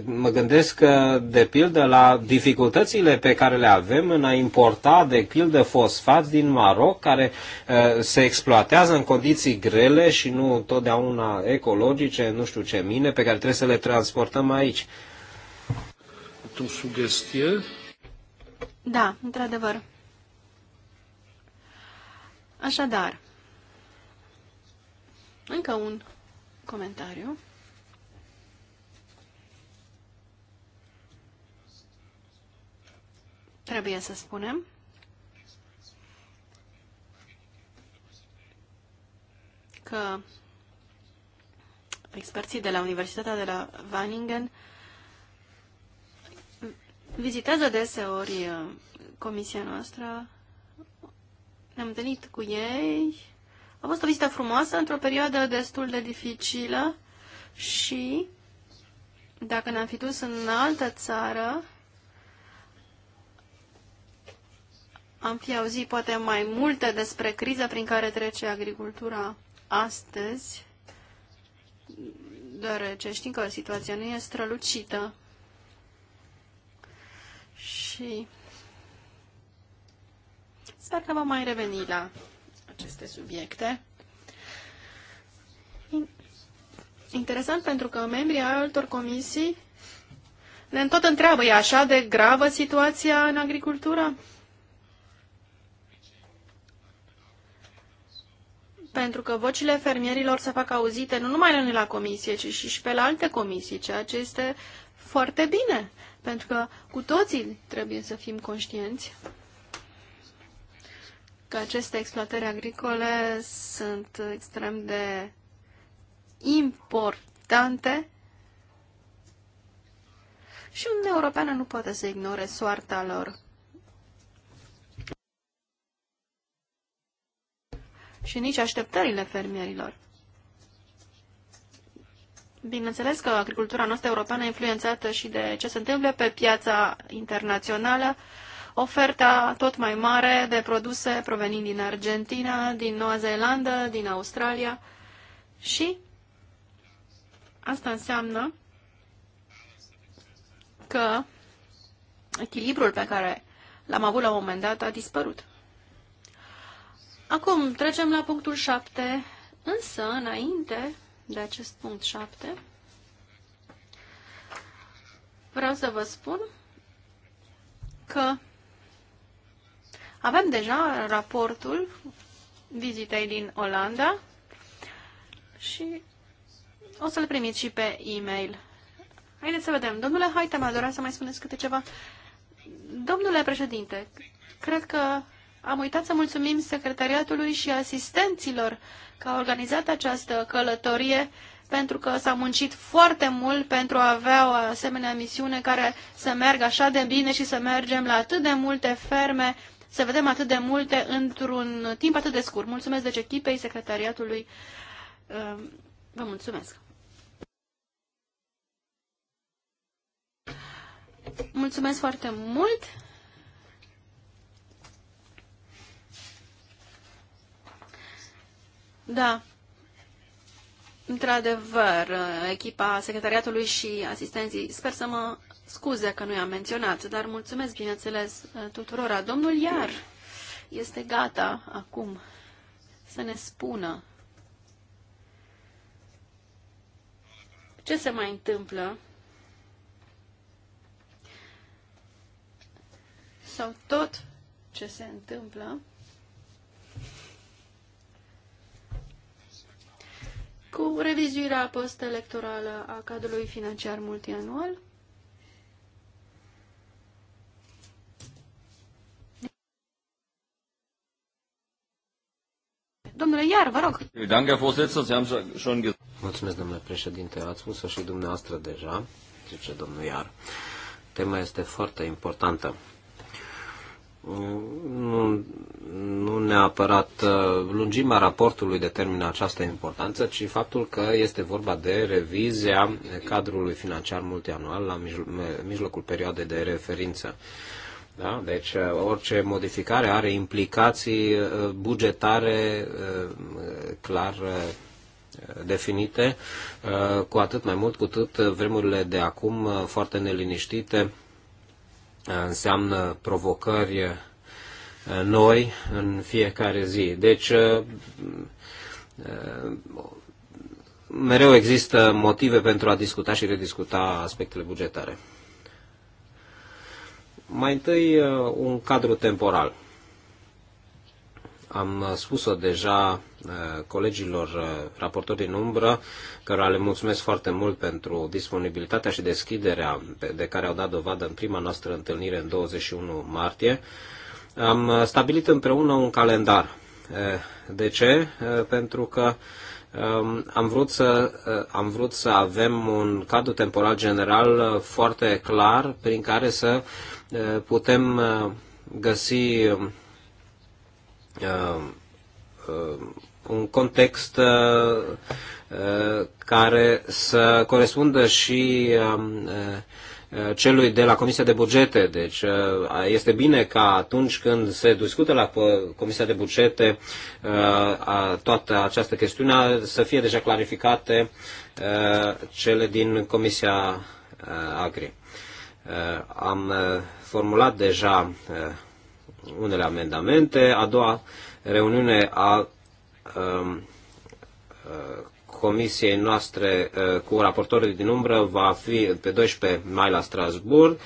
Mă gândesc, că de pildă, la dificultățile pe care le avem în a importa, de pildă, fosfat din Maroc, care se exploatează în condiții grele și nu totdeauna ecologice, nu știu ce mine, pe care trebuie să le transportăm aici. Tu sugestie? Da, într-adevăr. Așadar, încă un comentariu. trebuie să spunem. că experții de la Universitatea de la Vaningen vizitează deseori uh, comisia noastră. Ne-am întâlnit cu ei. A fost o vizită frumoasă într-o perioadă destul de dificilă și dacă ne-am fi dus în altă țară, am fi auzit poate mai multe despre criza prin care trece agricultura astăzi, deoarece știm că situația nu e strălucită. Și sper că vom mai reveni la aceste subiecte. Interesant pentru că membrii altor comisii ne tot întreabă, e așa de gravă situația în agricultură? pentru că vocile fermierilor se fac auzite nu numai la noi la comisie, ci și, pe la alte comisii, ceea ce este foarte bine, pentru că cu toții trebuie să fim conștienți că aceste exploatări agricole sunt extrem de importante și Uniunea european nu poate să ignore soarta lor. și nici așteptările fermierilor. Bineînțeles că agricultura noastră europeană e influențată și de ce se întâmplă pe piața internațională, oferta tot mai mare de produse provenind din Argentina, din Noua Zeelandă, din Australia și asta înseamnă că echilibrul pe care l-am avut la un moment dat a dispărut. Acum trecem la punctul 7, însă înainte de acest punct 7, vreau să vă spun că avem deja raportul vizitei din Olanda și o să-l primiți și pe e-mail. Haideți să vedem. Domnule Haitema, dorea să mai spuneți câte ceva. Domnule președinte, cred că am uitat să mulțumim secretariatului și asistenților că au organizat această călătorie pentru că s-a muncit foarte mult pentru a avea o asemenea misiune care să meargă așa de bine și să mergem la atât de multe ferme, să vedem atât de multe într-un timp atât de scurt. Mulțumesc deci echipei, secretariatului. Ehm, vă mulțumesc! Mulțumesc foarte mult! Da. Într-adevăr, echipa secretariatului și asistenții, sper să mă scuze că nu i-am menționat, dar mulțumesc, bineînțeles, tuturora. Domnul Iar este gata acum să ne spună ce se mai întâmplă sau tot ce se întâmplă cu revizuirea post-electorală a cadrului financiar multianual. Domnule Iar, vă rog. Mulțumesc, domnule președinte. Ați spus-o și dumneavoastră deja, zice domnul Iar. Tema este foarte importantă nu, nu neapărat uh, lungimea raportului determină această importanță, ci faptul că este vorba de revizia cadrului financiar multianual la mijlocul perioadei de referință. Da? Deci uh, orice modificare are implicații uh, bugetare clar definite, cu atât mai mult, cu atât vremurile de acum foarte neliniștite înseamnă provocări eh, noi în fiecare zi. Deci, eh, eh, mereu există motive pentru a discuta și rediscuta aspectele bugetare. Mai întâi, un cadru temporal. Am spus-o deja uh, colegilor uh, raportori din umbră, cărora le mulțumesc foarte mult pentru disponibilitatea și deschiderea de care au dat dovadă în prima noastră întâlnire în 21 martie. Am uh, stabilit împreună un calendar. De ce? Pentru că um, am vrut, să, am vrut să avem un cadru temporal general foarte clar prin care să putem găsi um, Uh, uh, un context uh, care să corespundă și um, celui de la Comisia de Bugete. Deci este bine ca atunci când se discută la Comisia de Bugete toată această chestiune să fie deja clarificate cele din Comisia Agri. Am formulat deja unele amendamente. A doua reuniune a um, uh, comisiei noastre uh, cu raportorii din umbră va fi pe 12 mai la Strasburg.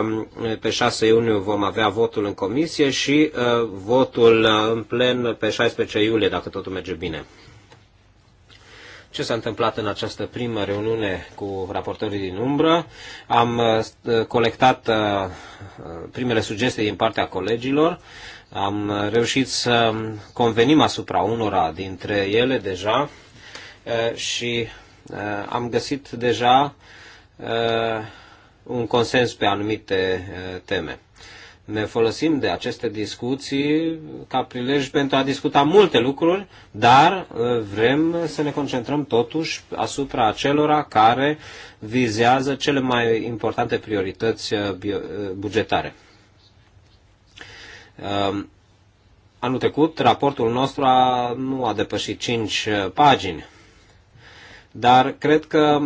Um, pe 6 iunie vom avea votul în comisie și uh, votul în plen pe 16 iulie, dacă totul merge bine ce s-a întâmplat în această primă reuniune cu raportorii din umbră. Am uh, colectat uh, uh, primele sugestii din partea colegilor. Am reușit să um, convenim asupra unora dintre ele deja și am găsit deja un consens pe anumite teme ne folosim de aceste discuții ca prilej pentru a discuta multe lucruri, dar uh, vrem să ne concentrăm totuși asupra acelora care vizează cele mai importante priorități uh, uh, bugetare. Um, anul trecut, raportul nostru a, nu a depășit 5 pagini, dar cred că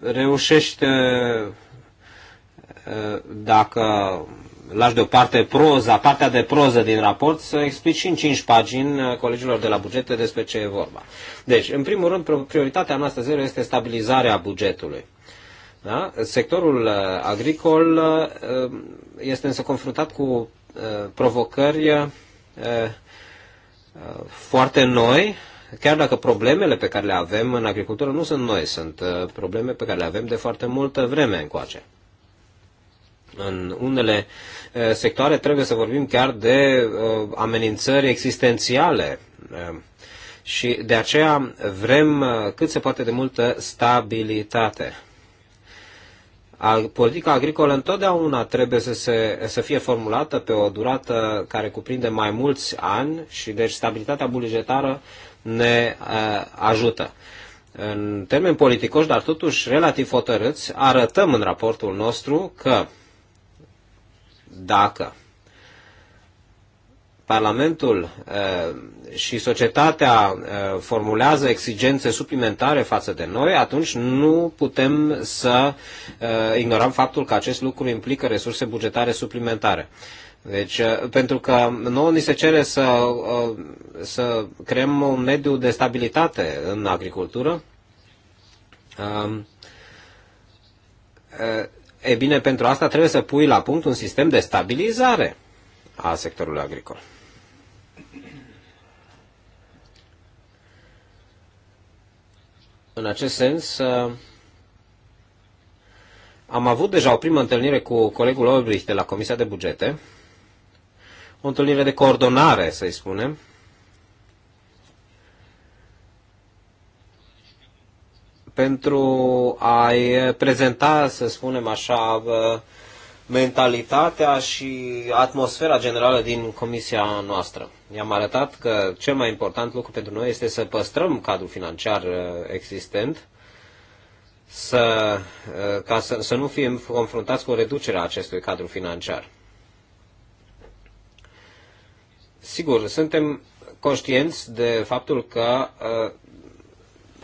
reușește Eh, dacă lași deoparte proza, partea de proză din raport, să explici în cinci pagini eh, colegilor de la bugete despre ce e vorba. Deci, în primul rând, prioritatea noastră zero este stabilizarea bugetului. Da? Sectorul eh, agricol este însă confruntat cu provocări foarte noi, chiar dacă problemele pe care le avem în agricultură nu sunt noi, sunt probleme pe care le avem de foarte multă vreme încoace. În unele eh, sectoare trebuie să vorbim chiar de eh, amenințări existențiale eh, și de aceea vrem cât se poate de multă stabilitate. Politica agricolă întotdeauna trebuie să, se, să fie formulată pe o durată care cuprinde mai mulți ani și deci stabilitatea bugetară ne uh, ajută. În termeni politicoși, dar totuși relativ hotărâți, arătăm în raportul nostru că dacă Parlamentul uh, și societatea uh, formulează exigențe suplimentare față de noi, atunci nu putem să uh, ignorăm faptul că acest lucru implică resurse bugetare suplimentare. Deci, pentru că nouă ni se cere să, să creăm un mediu de stabilitate în agricultură, E bine, pentru asta trebuie să pui la punct un sistem de stabilizare a sectorului agricol. În acest sens, uh, am avut deja o primă întâlnire cu colegul Olbrich de la Comisia de Bugete, o întâlnire de coordonare, să-i spunem, pentru a-i prezenta, să spunem așa, mentalitatea și atmosfera generală din comisia noastră. I-am arătat că cel mai important lucru pentru noi este să păstrăm cadrul financiar uh, existent, să, uh, ca să, să nu fim confruntați cu o reducere a acestui cadru financiar. Sigur, suntem conștienți de faptul că uh,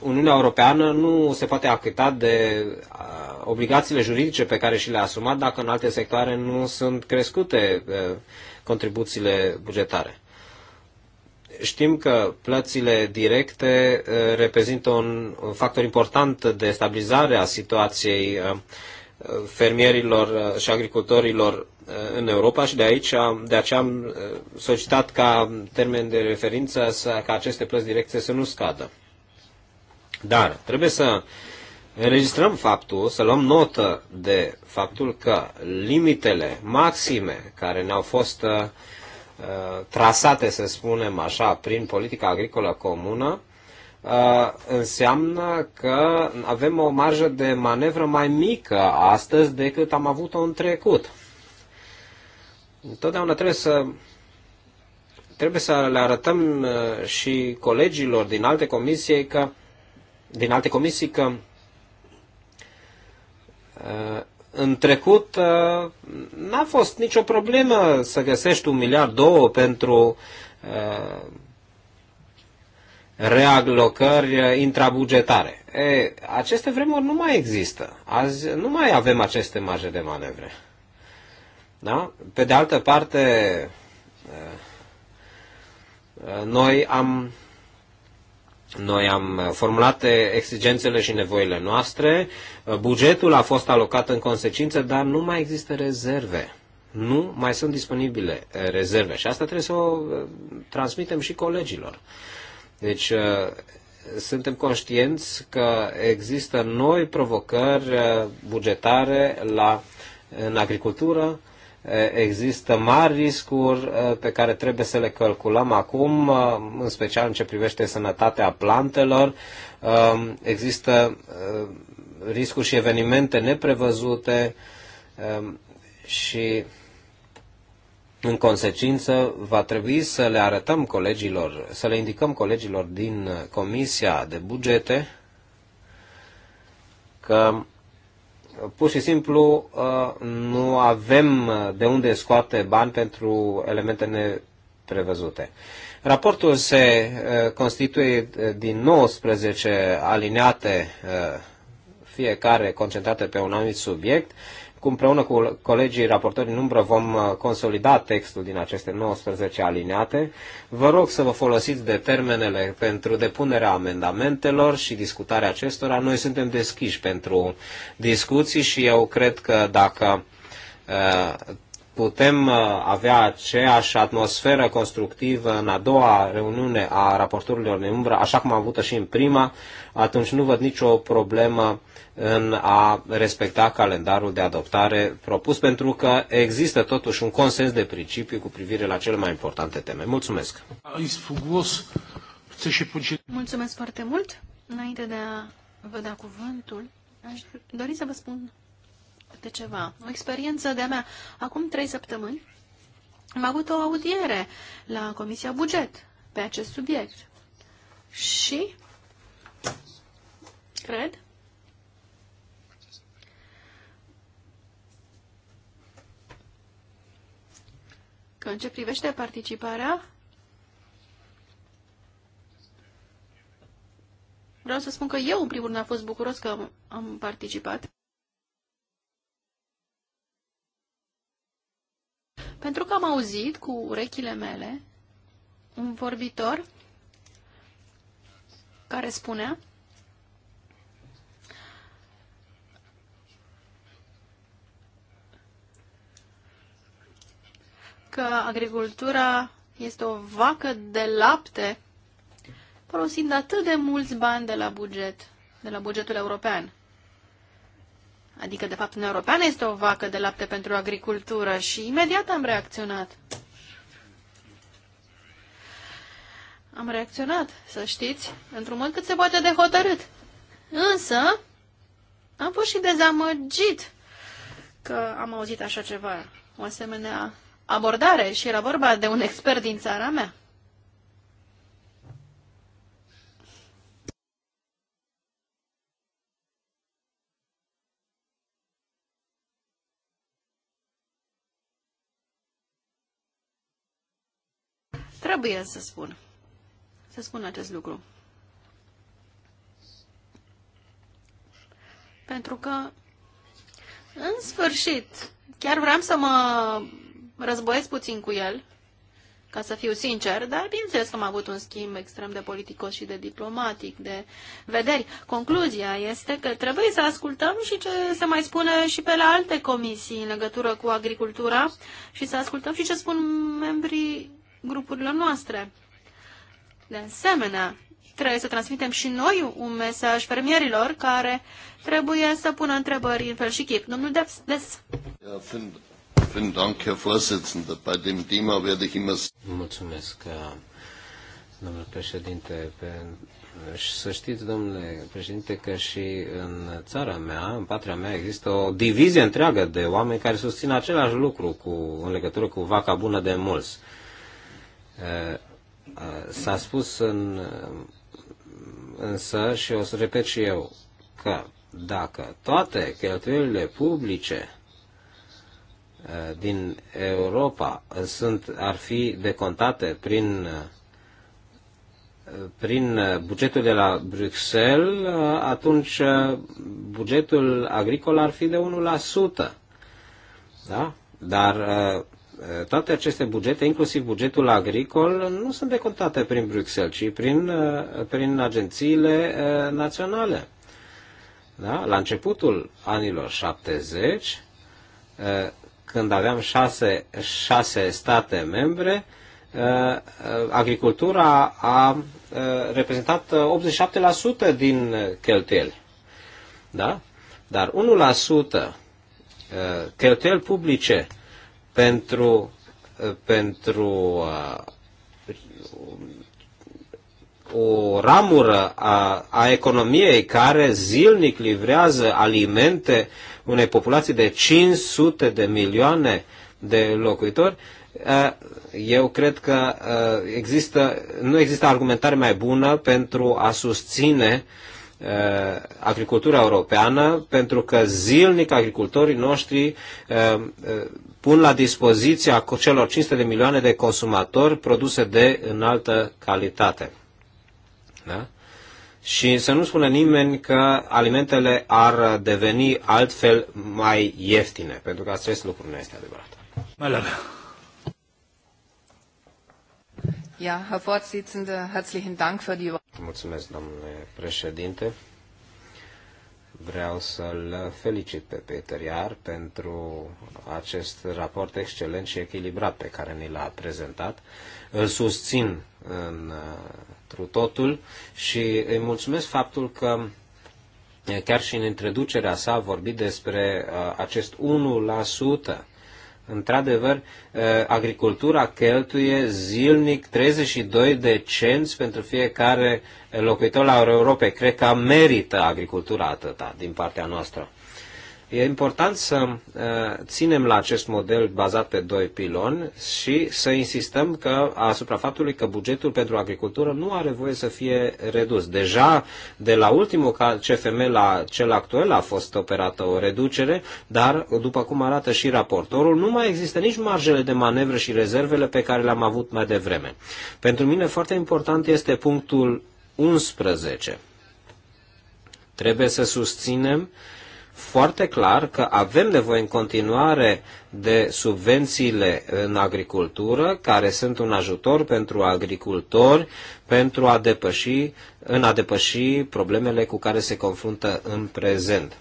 Uniunea Europeană nu se poate achita de obligațiile juridice pe care și le-a asumat dacă în alte sectoare nu sunt crescute contribuțiile bugetare. Știm că plățile directe reprezintă un factor important de stabilizare a situației fermierilor și agricultorilor în Europa și de aici, de aceea am solicitat ca termen de referință să, ca aceste plăți directe să nu scadă. Dar trebuie să înregistrăm faptul, să luăm notă de faptul că limitele maxime care ne-au fost uh, trasate, să spunem așa, prin politica agricolă comună, uh, înseamnă că avem o marjă de manevră mai mică astăzi decât am avut-o în trecut. Întotdeauna trebuie să trebuie să le arătăm uh, și colegilor din alte comisii că din alte comisii că uh, în trecut uh, n-a fost nicio problemă să găsești un miliard, două pentru uh, realocări intrabugetare. E, aceste vremuri nu mai există. Azi nu mai avem aceste marge de manevre. Da? Pe de altă parte, noi am noi am uh, formulat uh, exigențele și nevoile noastre, uh, bugetul a fost alocat în consecință, dar nu mai există rezerve. Nu mai sunt disponibile rezerve și asta trebuie să o transmitem și colegilor. Deci suntem conștienți că există noi provocări bugetare la, în agricultură, există mari riscuri pe care trebuie să le calculăm acum, în special în ce privește sănătatea plantelor. Există riscuri și evenimente neprevăzute și în consecință va trebui să le arătăm colegilor, să le indicăm colegilor din Comisia de Bugete că pur și simplu uh, nu avem uh, de unde scoate bani pentru elemente neprevăzute. Raportul se uh, constituie din 19 alineate, fiecare concentrate pe un anumit subiect împreună cu colegii raportori în umbră vom uh, consolida textul din aceste 19 alineate. Vă rog să vă folosiți de termenele pentru depunerea amendamentelor și discutarea acestora. Noi suntem deschiși pentru discuții și eu cred că dacă uh, putem uh, avea aceeași atmosferă constructivă în a doua reuniune a raporturilor în umbră, așa cum am avut-o și în prima, atunci nu văd nicio problemă în a respecta calendarul de adoptare propus, pentru că există totuși un consens de principiu cu privire la cele mai importante teme. Mulțumesc! Mulțumesc foarte mult! Înainte de a vă da cuvântul, aș dori să vă spun de ceva. O experiență de-a mea. Acum trei săptămâni am avut o audiere la Comisia Buget pe acest subiect. Și cred că în ce privește participarea, vreau să spun că eu, în primul rând, am fost bucuros că am participat. Pentru că am auzit cu urechile mele un vorbitor care spunea că agricultura este o vacă de lapte, folosind atât de mulți bani de la buget, de la bugetul european. Adică, de fapt, în Europeană este o vacă de lapte pentru agricultură și imediat am reacționat. Am reacționat, să știți, într-un mod cât se poate de hotărât. Însă, am fost și dezamăgit că am auzit așa ceva, o asemenea abordare și era vorba de un expert din țara mea. Trebuie să spun. Să spun acest lucru. Pentru că, în sfârșit, chiar vreau să mă războiesc puțin cu el, ca să fiu sincer, dar bineînțeles că am avut un schimb extrem de politicos și de diplomatic, de vederi. Concluzia este că trebuie să ascultăm și ce se mai spune și pe la alte comisii în legătură cu agricultura și să ascultăm și ce spun membrii grupurilor noastre. De asemenea, trebuie să transmitem și noi un mesaj fermierilor care trebuie să pună întrebări în fel și chip. Domnul Des. Vielen Dank, Herr Vorsitzender. Bei dem Thema werde ich immer... Mulțumesc, uh, domnule președinte. Să știți, domnule președinte, că și în țara mea, în patria mea, există o divizie întreagă de oameni care susțin același lucru cu, în legătură cu vaca bună de mulți. Uh, uh, s-a spus în, însă, și o să repet și eu, că dacă toate cheltuielile publice Uh, din Europa sunt, ar fi decontate prin, uh, prin bugetul de la Bruxelles, uh, atunci bugetul agricol ar fi de 1%. Da? Dar toate aceste bugete, inclusiv bugetul agricol, nu sunt decontate prin Bruxelles, ci prin, prin agențiile naționale. Da? La începutul anilor 70, când aveam șase, șase state membre, uh, uh, agricultura a uh, reprezentat 87% din cheltuieli. Da? Dar 1% cheltuieli publice pentru, pentru o ramură a, a economiei care zilnic livrează alimente unei populații de 500 de milioane de locuitori, eu cred că există, nu există argumentare mai bună pentru a susține agricultura europeană, pentru că zilnic agricultorii noștri pun la dispoziția celor 500 de milioane de consumatori produse de înaltă calitate. Da? și să nu spună nimeni că alimentele ar deveni altfel mai ieftine, pentru că acest lucru nu este adevărat. Malala. Ja, Herr Vorsitzende, herzlichen Dank für die... Mulțumesc, domnule președinte. Vreau să-l felicit pe Peter Iar pentru acest raport excelent și echilibrat pe care ni l-a prezentat. Îl susțin în pentru totul și îi mulțumesc faptul că chiar și în introducerea sa a vorbit despre acest 1%. Într-adevăr, agricultura cheltuie zilnic 32 de cenți pentru fiecare locuitor la Europei. Cred că merită agricultura atâta din partea noastră. E important să uh, ținem la acest model bazat pe doi piloni și să insistăm că asupra faptului că bugetul pentru agricultură nu are voie să fie redus. Deja de la ultimul CFM la cel actual a fost operată o reducere, dar după cum arată și raportorul, nu mai există nici marjele de manevră și rezervele pe care le-am avut mai devreme. Pentru mine foarte important este punctul 11. Trebuie să susținem uh, foarte clar că avem nevoie în continuare de subvențiile în agricultură, care sunt un ajutor pentru agricultori pentru a depăși, în a depăși problemele cu care se confruntă în prezent.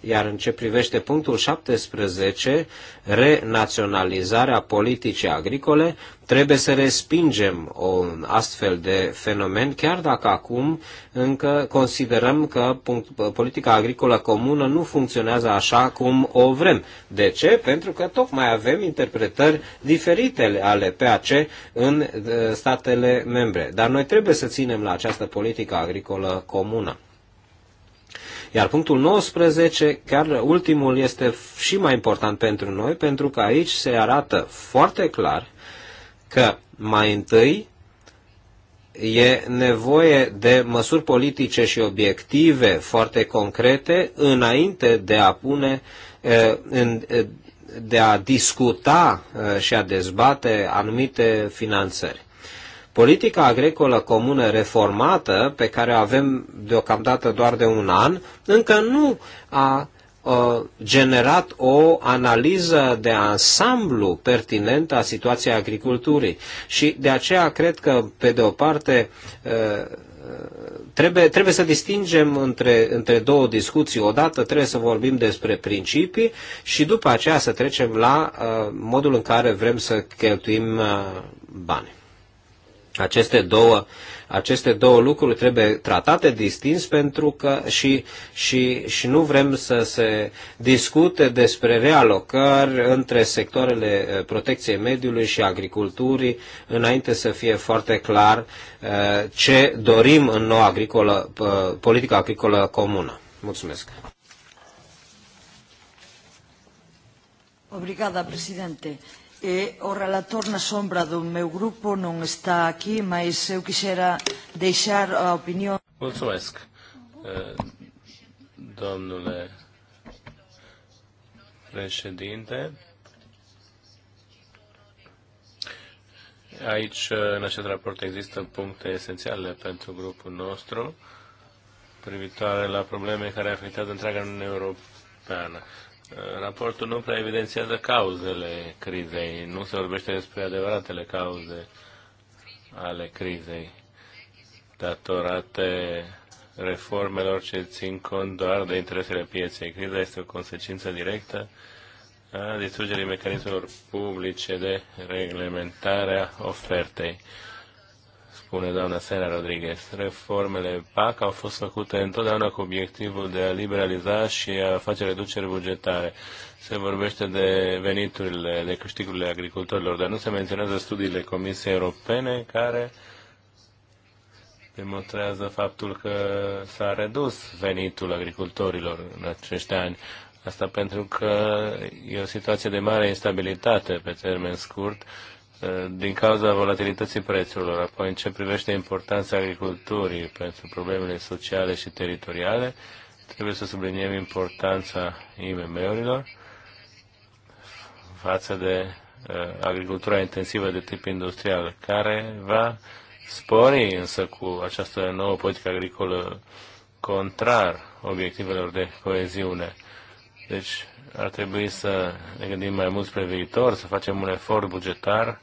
Iar în ce privește punctul 17, renaționalizarea politicii agricole, trebuie să respingem un astfel de fenomen, chiar dacă acum încă considerăm că politica agricolă comună nu funcționează așa cum o vrem. De ce? Pentru că tocmai avem interpretări diferite ale PAC în ă, statele membre. Dar noi trebuie să ținem la această politică agricolă comună. Iar punctul 19, chiar ultimul, este și mai important pentru noi, pentru că aici se arată foarte clar că mai întâi e nevoie de măsuri politice și obiective foarte concrete înainte de a pune în de a discuta și a dezbate anumite finanțări. Politica agricolă comună reformată, pe care o avem deocamdată doar de un an, încă nu a uh, generat o analiză de ansamblu pertinentă a situației agriculturii. Și de aceea cred că, pe de o parte, uh, trebuie, trebuie să distingem între, între două discuții. Odată trebuie să vorbim despre principii și după aceea să trecem la uh, modul în care vrem să cheltuim bani. Aceste două, aceste două lucruri trebuie tratate distins pentru că și, și, și nu vrem să se discute despre realocări între sectoarele eh, protecției mediului și agriculturii înainte să fie foarte clar eh, ce dorim în noua agricolă, eh, politică agricolă comună. Mulțumesc. Obrigada, presidente o relator na sombra do meu grupo non está aquí, mas eu quixera deixar a opinión... Mulțumesc, domnule președinte. Aici, în acest raport, există puncte esențiale pentru grupul nostru privitoare la probleme care afectează întreaga Uniune Europeană. Raportul nu prea evidențiază cauzele crizei, nu se vorbește despre adevăratele cauze ale crizei datorate reformelor ce țin cont doar de interesele pieței. Criza este o consecință directă a distrugerii mecanismelor publice de reglementare a ofertei spune doamna Sena Rodriguez, reformele PAC au fost făcute întotdeauna cu obiectivul de a liberaliza și a face reduceri bugetare. Se vorbește de veniturile, de câștigurile agricultorilor, dar nu se menționează studiile Comisiei Europene care demonstrează faptul că s-a redus venitul agricultorilor în acești ani. Asta pentru că e o situație de mare instabilitate pe termen scurt din cauza volatilității prețurilor. Apoi, în ce privește importanța agriculturii pentru problemele sociale și teritoriale, trebuie să subliniem importanța IMM-urilor față de uh, agricultura intensivă de tip industrial, care va spori însă cu această nouă politică agricolă contrar obiectivelor de coeziune. Deci ar trebui să ne gândim mai mult spre viitor, să facem un efort bugetar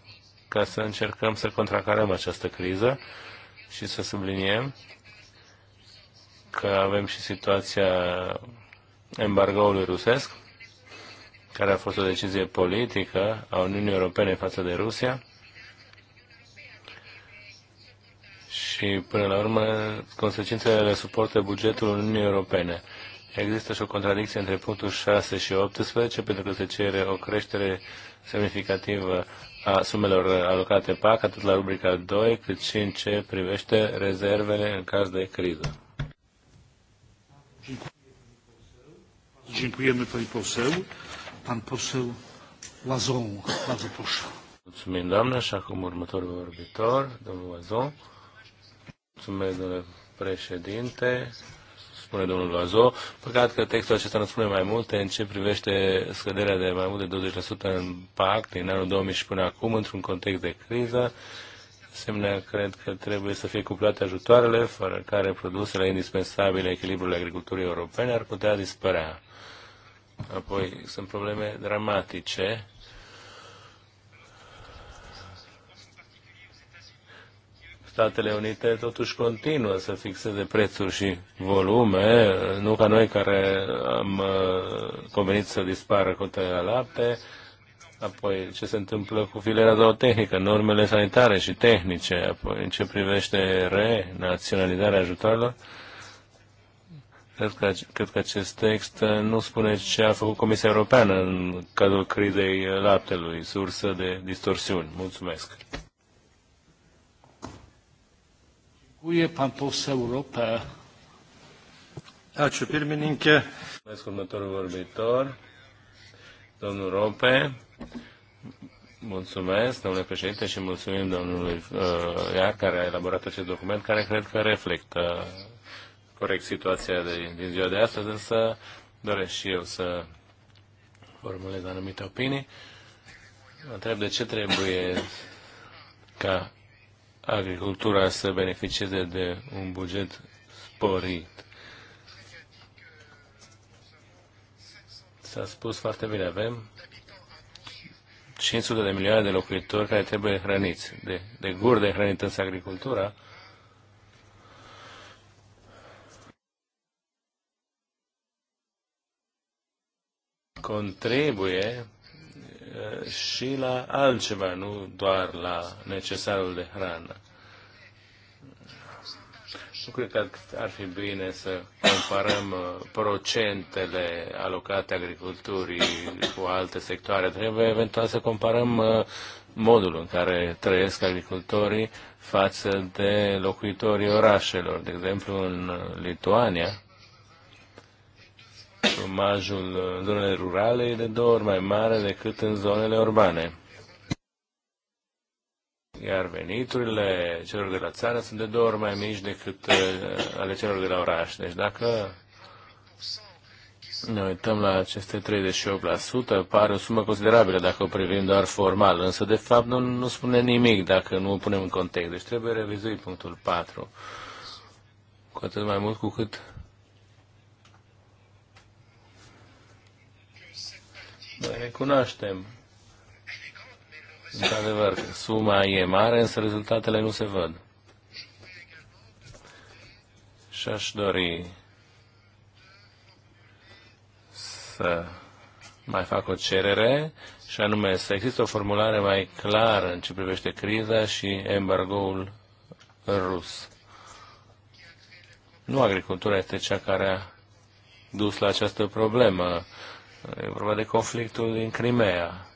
ca să încercăm să contracarăm această criză și să subliniem că avem și situația embargoului rusesc, care a fost o decizie politică a Uniunii Europene față de Rusia. Și, până la urmă, consecințele le suportă bugetul Uniunii Europene. Există și o contradicție între punctul 6 și 18, pentru că se cere o creștere semnificativă a sumelor alocate PAC, atât la rubrica 2, cât și în ce privește rezervele în caz de criză. Dziękujemy pani poseł. Pan poseł Łazon, bardzo proszę. Mulțumim, doamnă, și acum următorul vorbitor, domnul Łazon. Mulțumesc, domnule președinte spune domnul Loazo. Păcat că textul acesta nu spune mai multe în ce privește scăderea de mai mult de 20% în PAC din anul 2000 și până acum, într-un context de criză. Asemenea, cred că trebuie să fie cuplate ajutoarele, fără care produsele indispensabile echilibrului agriculturii europene ar putea dispărea. Apoi sunt probleme dramatice Statele Unite totuși continuă să fixeze prețuri și volume, nu ca noi care am uh, convenit să dispară cotele la lapte, apoi ce se întâmplă cu filiera zootehnică, normele sanitare și tehnice, apoi în ce privește renaționalizarea ajutoarelor, Cred că, cred că acest text uh, nu spune ce a făcut Comisia Europeană în cazul crizei laptelui, sursă de distorsiuni. Mulțumesc. Uie pan poseu Rope. Ačiū pirmininkė. Mes următorul vorbitor, domnul Rope. Mulțumesc, domnule președinte, și mulțumim domnului uh, Iar, care a elaborat acest document, care cred că reflectă corect situația de, din ziua de astăzi, însă doresc și eu să formulez anumite opinii. Mă întreb de ce trebuie ca agricultura să beneficieze de un buget sporit. S-a spus foarte bine, avem 500 de milioane de locuitori care trebuie hrăniți, de, de guri de hrănit, însă agricultura contribuie și la altceva, nu doar la necesarul de hrană. Nu cred că ar fi bine să comparăm uh, procentele alocate agriculturii cu alte sectoare. Trebuie eventual să comparăm uh, modul în care trăiesc agricultorii față de locuitorii orașelor. De exemplu, în Lituania, Șomajul în zonele rurale e de două ori mai mare decât în zonele urbane. Iar veniturile celor de la țară sunt de două ori mai mici decât uh, ale celor de la oraș. Deci dacă ne uităm la aceste 38%, pare o sumă considerabilă dacă o privim doar formal, însă de fapt nu, nu spune nimic dacă nu o punem în context. Deci trebuie revizuit punctul 4. Cu atât mai mult cu cât Noi recunoaștem, într-adevăr, că suma e mare, însă rezultatele nu se văd. Și aș dori să mai fac o cerere și anume să există o formulare mai clară în ce privește criza și embargoul rus. Nu agricultura este cea care a dus la această problemă. E vorba de conflictul din Crimea.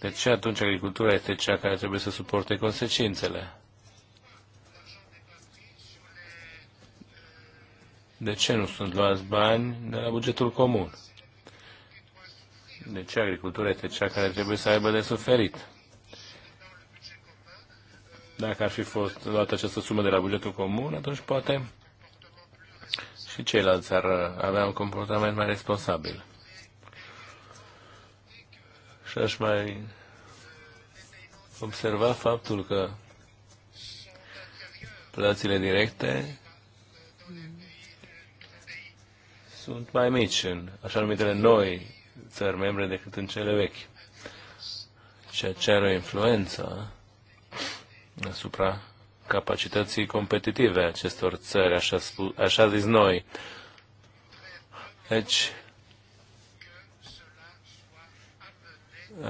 De ce atunci agricultura este cea care trebuie să suporte consecințele? De ce nu sunt luați bani de la bugetul comun? De ce agricultura este cea care trebuie să aibă de suferit? Dacă ar fi fost luată această sumă de la bugetul comun, atunci poate și ceilalți ar avea un comportament mai responsabil. Și aș mai observa faptul că plățile directe sunt mai mici în așa numitele noi țări membre decât în cele vechi. Ceea ce are o influență asupra capacității competitive a acestor țări, așa, spus, așa zis noi. Deci,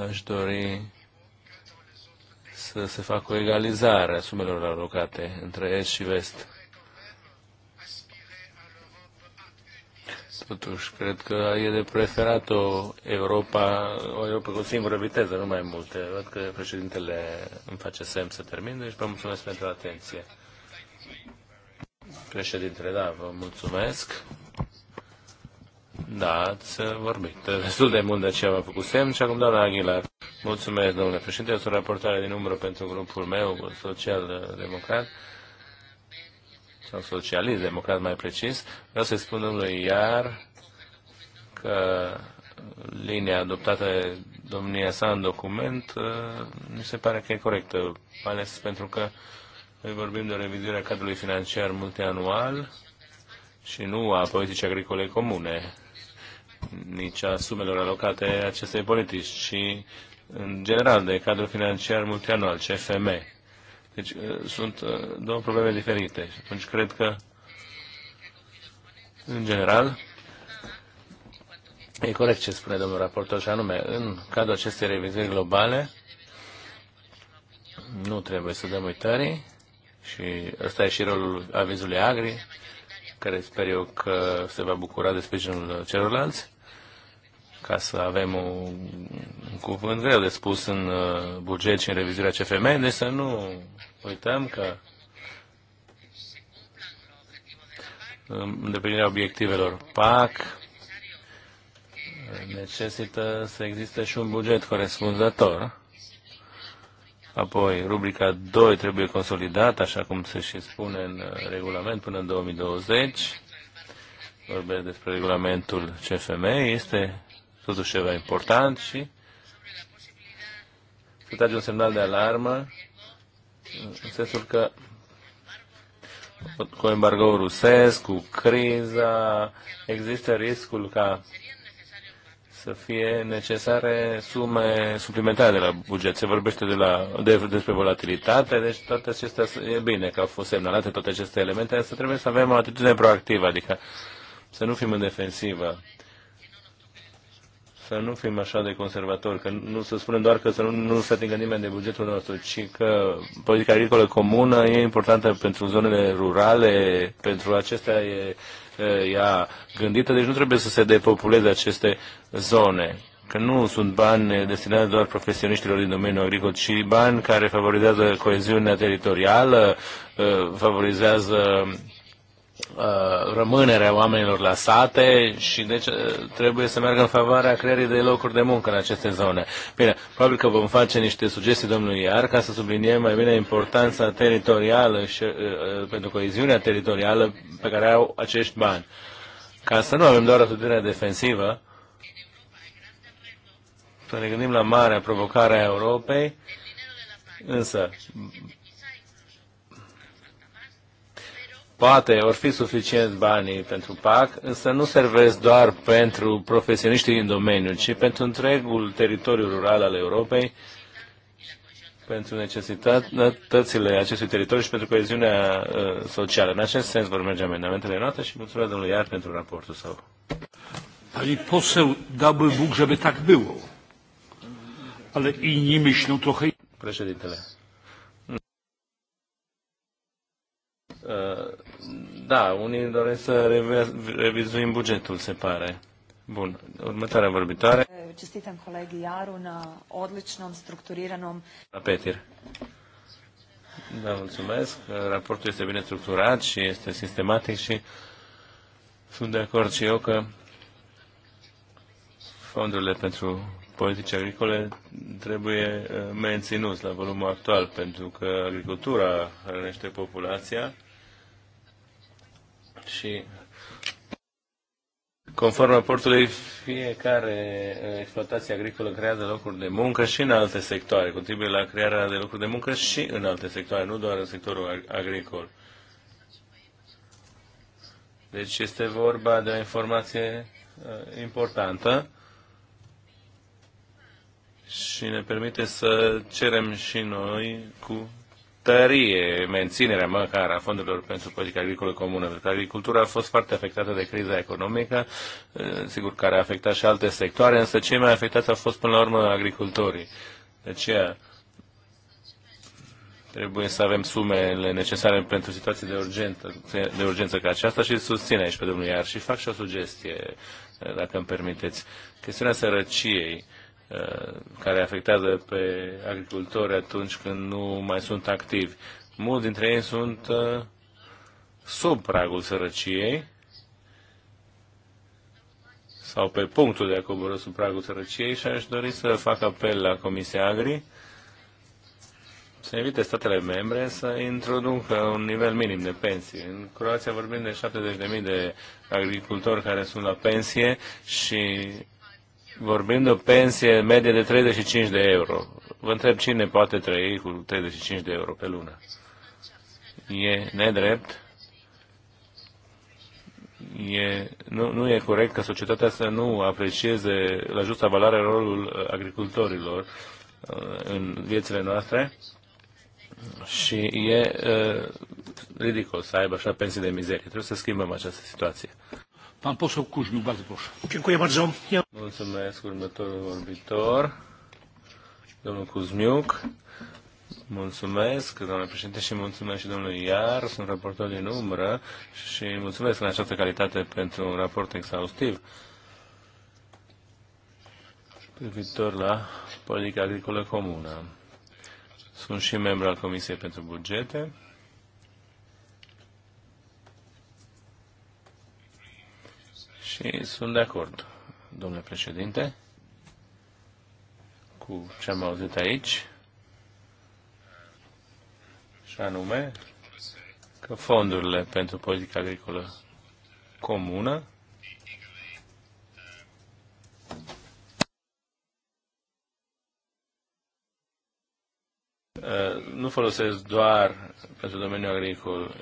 aș dori să se facă o egalizare a sumelor alocate între Est și Vest. totuși. Cred că e de preferat o Europa, o Europa cu singură viteză, nu mai multe. Văd că președintele îmi face semn să termin, deci vă mulțumesc pentru atenție. Președintele, da, vă mulțumesc. Da, ați vorbit destul de mult de aceea v-am făcut semn și acum doamna Aguilar. Mulțumesc, domnule președinte, sunt raportare din umbră pentru grupul meu social-democrat sau socialist democrat mai precis, vreau să-i spun domnului Iar că linia adoptată de domnia sa în document uh, mi se pare că e corectă, mai ales pentru că noi vorbim de o revizuire a cadrului financiar multianual și nu a politicii agricole comune, nici a sumelor alocate acestei politici, ci în general de cadrul financiar multianual, CFM. Deci uh, sunt uh, două probleme diferite și atunci cred că, în general, e corect ce spune domnul raportor și anume, în cadrul acestei revizii globale, nu trebuie să dăm uitări și ăsta e și rolul avizului Agri, care sper eu că se va bucura de sprijinul celorlalți ca să avem un, un cuvânt greu de spus în uh, buget și în revizuirea CFM, deci să nu uităm că um, îndeplinirea obiectivelor PAC uh, necesită să existe și un buget corespunzător. Apoi, rubrica 2 trebuie consolidată, așa cum se și spune în uh, regulament, până în 2020. Vorbesc despre regulamentul CFM. Este totuși ceva important și se trage un semnal de alarmă în sensul că cu embargo rusesc, cu criza, există riscul ca să fie necesare sume suplimentare de la buget. Se vorbește de la, de, despre volatilitate, deci toate acestea e bine că au fost semnalate toate aceste elemente, însă trebuie să avem o atitudine proactivă, adică să nu fim în defensivă să nu fim așa de conservatori, că nu să spunem doar că să nu, nu se atingă nimeni de bugetul nostru, ci că politica agricolă comună e importantă pentru zonele rurale, pentru acestea e ea gândită, deci nu trebuie să se depopuleze aceste zone că nu sunt bani destinați doar profesioniștilor din domeniul agricol, ci bani care favorizează coeziunea teritorială, favorizează Uh, rămânerea oamenilor la sate și deci uh, trebuie să meargă în favoarea creării de locuri de muncă în aceste zone. Bine, probabil că vom face niște sugestii domnului Iar ca să subliniem mai bine importanța teritorială și uh, pentru coeziunea teritorială pe care au acești bani. Ca să nu avem doar o atitudine defensivă, să ne gândim la marea provocare a Europei, însă Poate or fi suficient banii pentru PAC, însă nu servesc doar pentru profesioniștii din domeniu, ci pentru întregul teritoriu rural al Europei, pentru necesitățile acestui teritoriu și pentru coeziunea uh, socială. În acest sens vor merge amendamentele noastre și mulțumesc domnului Iar pentru raportul său. Pani poseł, dałby Bóg, żeby tak było. Ale inni myślą trochę... Președintele. Mm. Uh, da, unii doresc să revizuim bugetul, se pare. Bun, următoarea vorbitoare. Čestitam kolegi Iaru na odličnom, structuriranom... La Petir. Da, mulțumesc. Raportul este bine structurat și este sistematic și sunt de acord și eu că fondurile pentru politici agricole trebuie eh, menținut la volumul actual, pentru că agricultura hrănește populația și Conform raportului, fiecare uh, exploatație agricolă creează locuri de muncă și în alte sectoare, contribuie la crearea de locuri de muncă și în alte sectoare, nu doar în sectorul agricol. Deci este vorba de o informație uh, importantă și ne permite să cerem și noi cu tărie menținerea măcar a fondurilor pentru politica agricolă comună, pentru că agricultura a fost foarte afectată de criza economică, eh, sigur, care a afectat și alte sectoare, însă cei mai afectați au fost până la urmă agricultorii. De aceea trebuie să avem sumele necesare pentru situații de urgență, de urgență ca aceasta și susțin aici pe domnul Iar și fac și o sugestie, eh, dacă îmi permiteți. Chestiunea sărăciei Uh, care afectează pe agricultori atunci când nu mai sunt activi. Mulți dintre ei sunt uh, sub pragul sărăciei sau pe punctul de a coborâ sub pragul sărăciei și aș dori să fac apel la Comisia Agri să invite statele membre să introducă un nivel minim de pensie. În Croația vorbim de 70.000 de agricultori care sunt la pensie și vorbind o pensie medie de 35 de euro. Vă întreb cine poate trăi cu 35 de euro pe lună. E nedrept? E, nu, nu e corect ca societatea să nu aprecieze la justa valoare rolul agricultorilor uh, în viețile noastre și e uh, ridicol să aibă așa pensii de mizerie. Trebuie să schimbăm această situație. Pan poseł Kuźmiuk, bardzo proszę. Dziękuję bardzo. Ja... Mulțumesc, următorul vorbitor, domnul Kuzmiuc. Mulțumesc, domnule președinte, și mulțumesc și domnului Iar, sunt raportor din umbră și mulțumesc în această calitate pentru un raport exhaustiv privitor la politica agricolă comună. Sunt și membru al Comisiei pentru Bugete Și sunt de acord, domnule președinte, cu ce am auzit aici, și anume că fondurile pentru politica agricolă comună nu folosesc doar pentru domeniul agricol.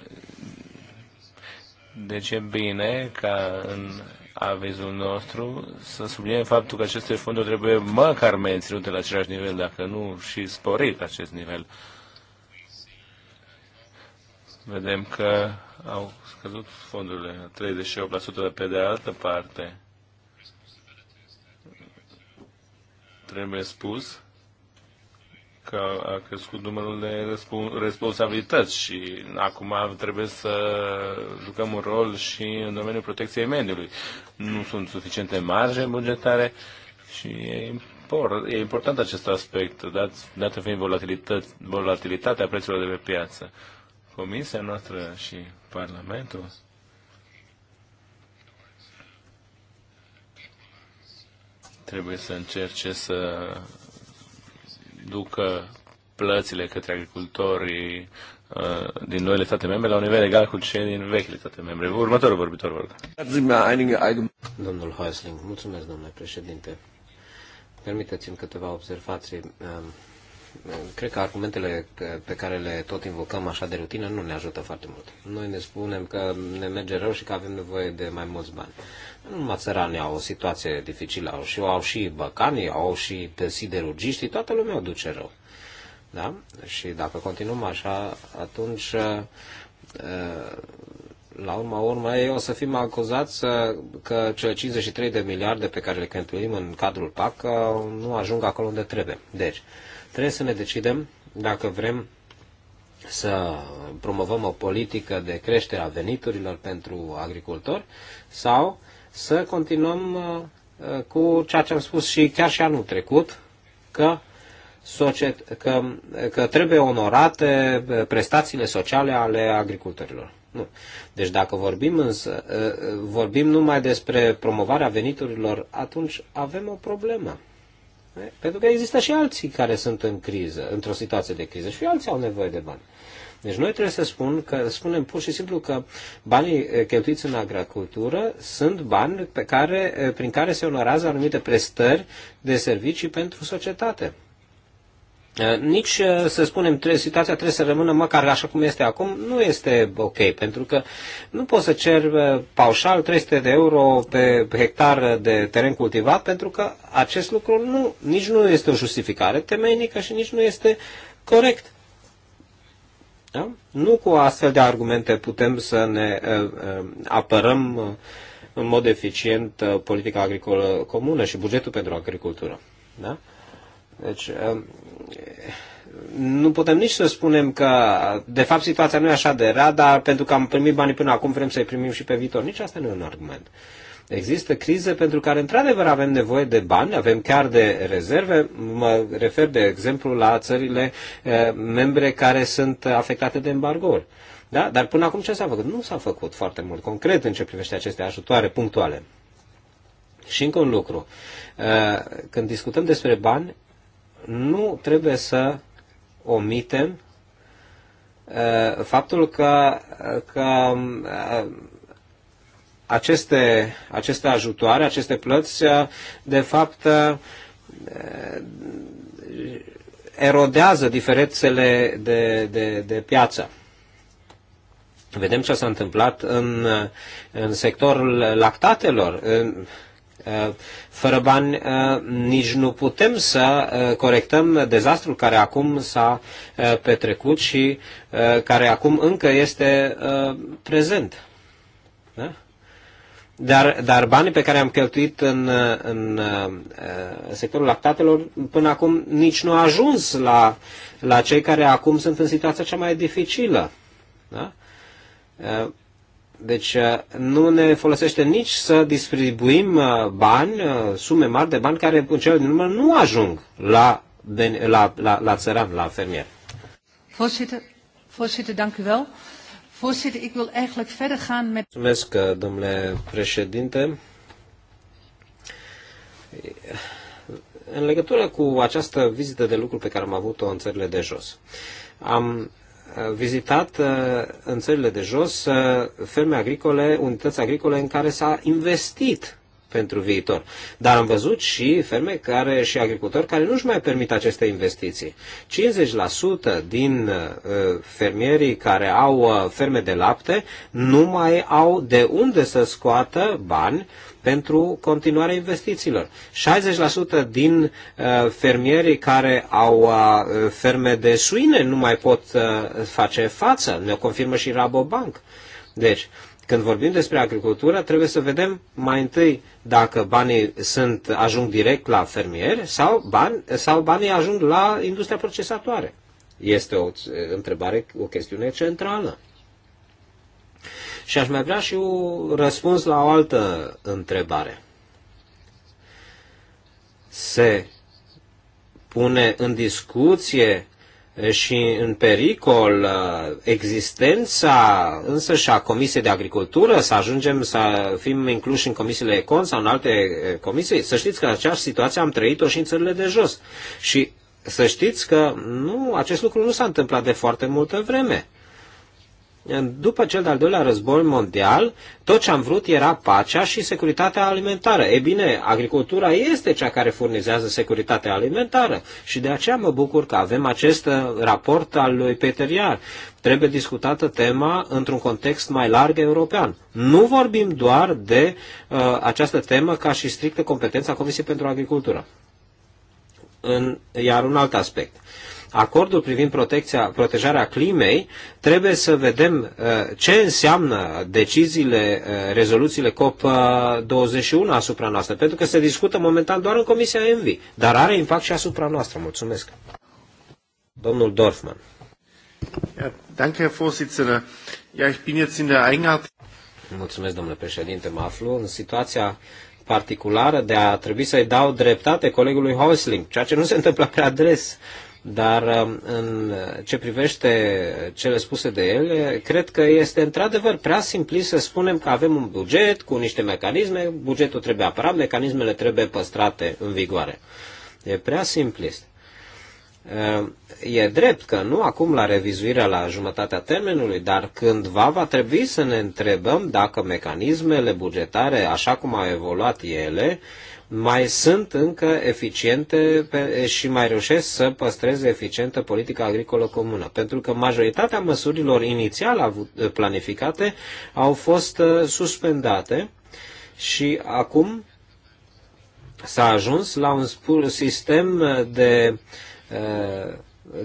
Deci e bine ca în avizul nostru să subliniem faptul că aceste fonduri trebuie măcar menținute la același nivel, dacă nu și sporit acest nivel. Vedem că au scăzut fondurile 38% de pe de altă parte. Trebuie spus că a crescut numărul de responsabilități și acum trebuie să jucăm un rol și în domeniul protecției mediului. Nu sunt suficiente marje bugetare și e import, e important acest aspect, dat, dată fiind volatilitatea prețurilor de pe piață. Comisia noastră și Parlamentul trebuie să încerce să ducă plățile către agricultorii uh, din noile state membre la un nivel egal cu cei din vechile state membre. Următorul vorbitor, vă rog. Domnul Häusling, mulțumesc, domnule președinte. Permiteți-mi câteva observații um, cred că argumentele pe care le tot invocăm așa de rutină nu ne ajută foarte mult. Noi ne spunem că ne merge rău și că avem nevoie de mai mulți bani. Nu numai țăranii au o situație dificilă, au și, au și băcanii, au și siderurgiștii, toată lumea o duce rău. Da? Și dacă continuăm așa, atunci uh, la urma urmei o să fim acuzați că cele 53 de miliarde pe care le cheltuim în cadrul PAC uh, nu ajung acolo unde trebuie. Deci, trebuie să ne decidem dacă vrem să promovăm o politică de creștere a veniturilor pentru agricultori sau să continuăm uh, cu ceea ce am spus și chiar și anul trecut, că societ, că, că trebuie onorate uh, prestațiile sociale ale agricultorilor. Nu. Deci dacă vorbim, însă, ă, ă, vorbim numai despre promovarea veniturilor, atunci avem o problemă. Pentru că există și alții care sunt în criză, într-o situație de criză și alții au nevoie de bani. Deci noi trebuie să spun că, spunem pur și simplu că banii ă, cheltuiți în agricultură sunt bani pe care, prin care se onorează anumite prestări de servicii pentru societate. Eh, nici, eh, să spunem, situația trebuie să rămână măcar așa cum este acum, nu este ok, pentru că nu poți să cer eh, paușal 300 de euro pe hectar de teren cultivat, pentru că acest lucru nu, nici nu este o justificare temeinică și nici nu este corect. Da? Nu cu astfel de argumente putem să ne apărăm în mod eficient politica agricolă comună și bugetul pentru agricultură. Da? Deci, um, nu putem nici să spunem că, de fapt, situația nu e așa de rea, dar pentru că am primit banii până acum, vrem să-i primim și pe viitor. Nici asta nu e un argument. Există crize pentru care, într-adevăr, avem nevoie de bani, avem chiar de rezerve. Mă refer, de exemplu, la țările uh, membre care sunt afectate de embargouri. Da? Dar până acum ce s-a făcut? Nu s-a făcut foarte mult concret în ce privește aceste ajutoare punctuale. Și încă un lucru. Uh, când discutăm despre bani, nu trebuie să omitem uh, faptul că, uh, că um, uh, aceste, aceste ajutoare, aceste plăți, de fapt, erodează diferențele de, de, de piață. Vedem ce s-a întâmplat în, în sectorul lactatelor. Eh, fără bani eh, nici nu putem să eh, corectăm dezastrul care acum s-a petrecut și care acum încă este prezent. Da? Dar, dar banii pe care am cheltuit în, în sectorul lactatelor până acum nici nu a ajuns la, la cei care acum sunt în situația cea mai dificilă. Da? Deci uh, nu ne folosește nici să distribuim uh, bani, uh, sume mari de bani care în cele din urmă nu ajung la, la, la, la țăran, la fermier. Voorzitter, dank u wel. Voorzitter, ik wil eigenlijk verder gaan met... Mulțumesc, domnule președinte. În legătură cu această vizită de lucru pe care am avut-o în țările de jos, am Uh, vizitat uh, în țările de jos uh, ferme agricole, unități agricole în care s-a investit pentru viitor. Dar am văzut și ferme care și agricultori care nu-și mai permit aceste investiții. 50% din uh, fermierii care au uh, ferme de lapte nu mai au de unde să scoată bani pentru continuarea investițiilor. 60% din uh, fermierii care au ferme de suine nu mai pot face față, ne confirmă și Rabobank. Deci, când vorbim despre agricultură, trebuie să vedem mai întâi dacă banii sunt, ajung direct la fermieri sau, bani, sau banii ajung la industria procesatoare. Este o întrebare, o chestiune centrală. Și aș mai vrea și un răspuns la o altă întrebare. Se pune în discuție și în pericol uh, existența însă și a Comisiei de Agricultură, să ajungem să fim incluși în comisiile Econ sau în alte uh, comisii, să știți că această situație am trăit-o și în țările de jos. Și să știți că nu, acest lucru nu s-a întâmplat de foarte multă vreme după cel de-al doilea război mondial, tot ce am vrut era pacea și securitatea alimentară. E bine, agricultura este cea care furnizează securitatea alimentară și de aceea mă bucur că avem acest uh, raport al lui Peter Iar. Trebuie discutată tema într-un context mai larg european. Nu vorbim doar de uh, această temă ca și strictă competența Comisiei pentru Agricultură. În, iar un alt aspect. Uh, acordul privind protecția, protejarea climei, trebuie să vedem uh, ce înseamnă deciziile, uh, rezoluțiile COP21 asupra noastră, pentru că se discută momentan doar în Comisia ENVI, dar are impact și asupra noastră. Mulțumesc. Domnul Dorfman. Ja, danke, Herr Ja, ich bin jetzt in der Eingart. Mulțumesc, domnule președinte. Mă aflu în situația particulară de a trebui să-i dau dreptate colegului Hosling, ceea ce nu se întâmplă prea des. Dar um, în ce privește cele spuse de el, cred că este într-adevăr prea simplist să spunem că avem un buget cu niște mecanisme, bugetul trebuie apărat, mecanismele trebuie păstrate în vigoare. E prea simplist. Um, e drept că nu acum la revizuirea la jumătatea termenului, dar cândva va trebui să ne întrebăm dacă mecanismele bugetare, așa cum au evoluat ele, mai sunt încă eficiente și mai reușesc să păstreze eficientă politica agricolă comună, pentru că majoritatea măsurilor inițial eh, planificate au fost eh, suspendate și acum s-a ajuns la un sistem eh, de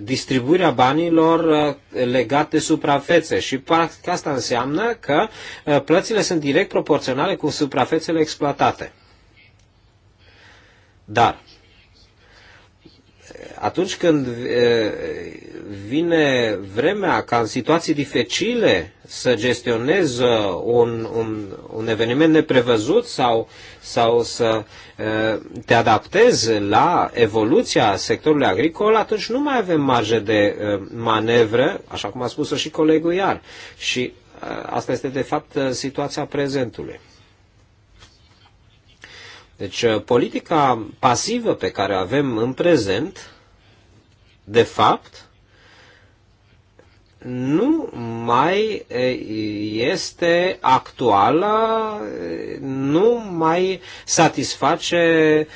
distribuirea banilor legate suprafețe și asta înseamnă că plățile sunt direct proporționale cu suprafețele exploatate. Dar atunci când vine vremea ca în situații dificile să gestionez un, un, un eveniment neprevăzut sau, sau să te adaptezi la evoluția sectorului agricol, atunci nu mai avem marge de manevră, așa cum a spus și colegul Iar. Și asta este de fapt situația prezentului. Deci uh, politica pasivă pe care o avem în prezent, de fapt, nu mai uh, este actuală, uh, nu mai satisface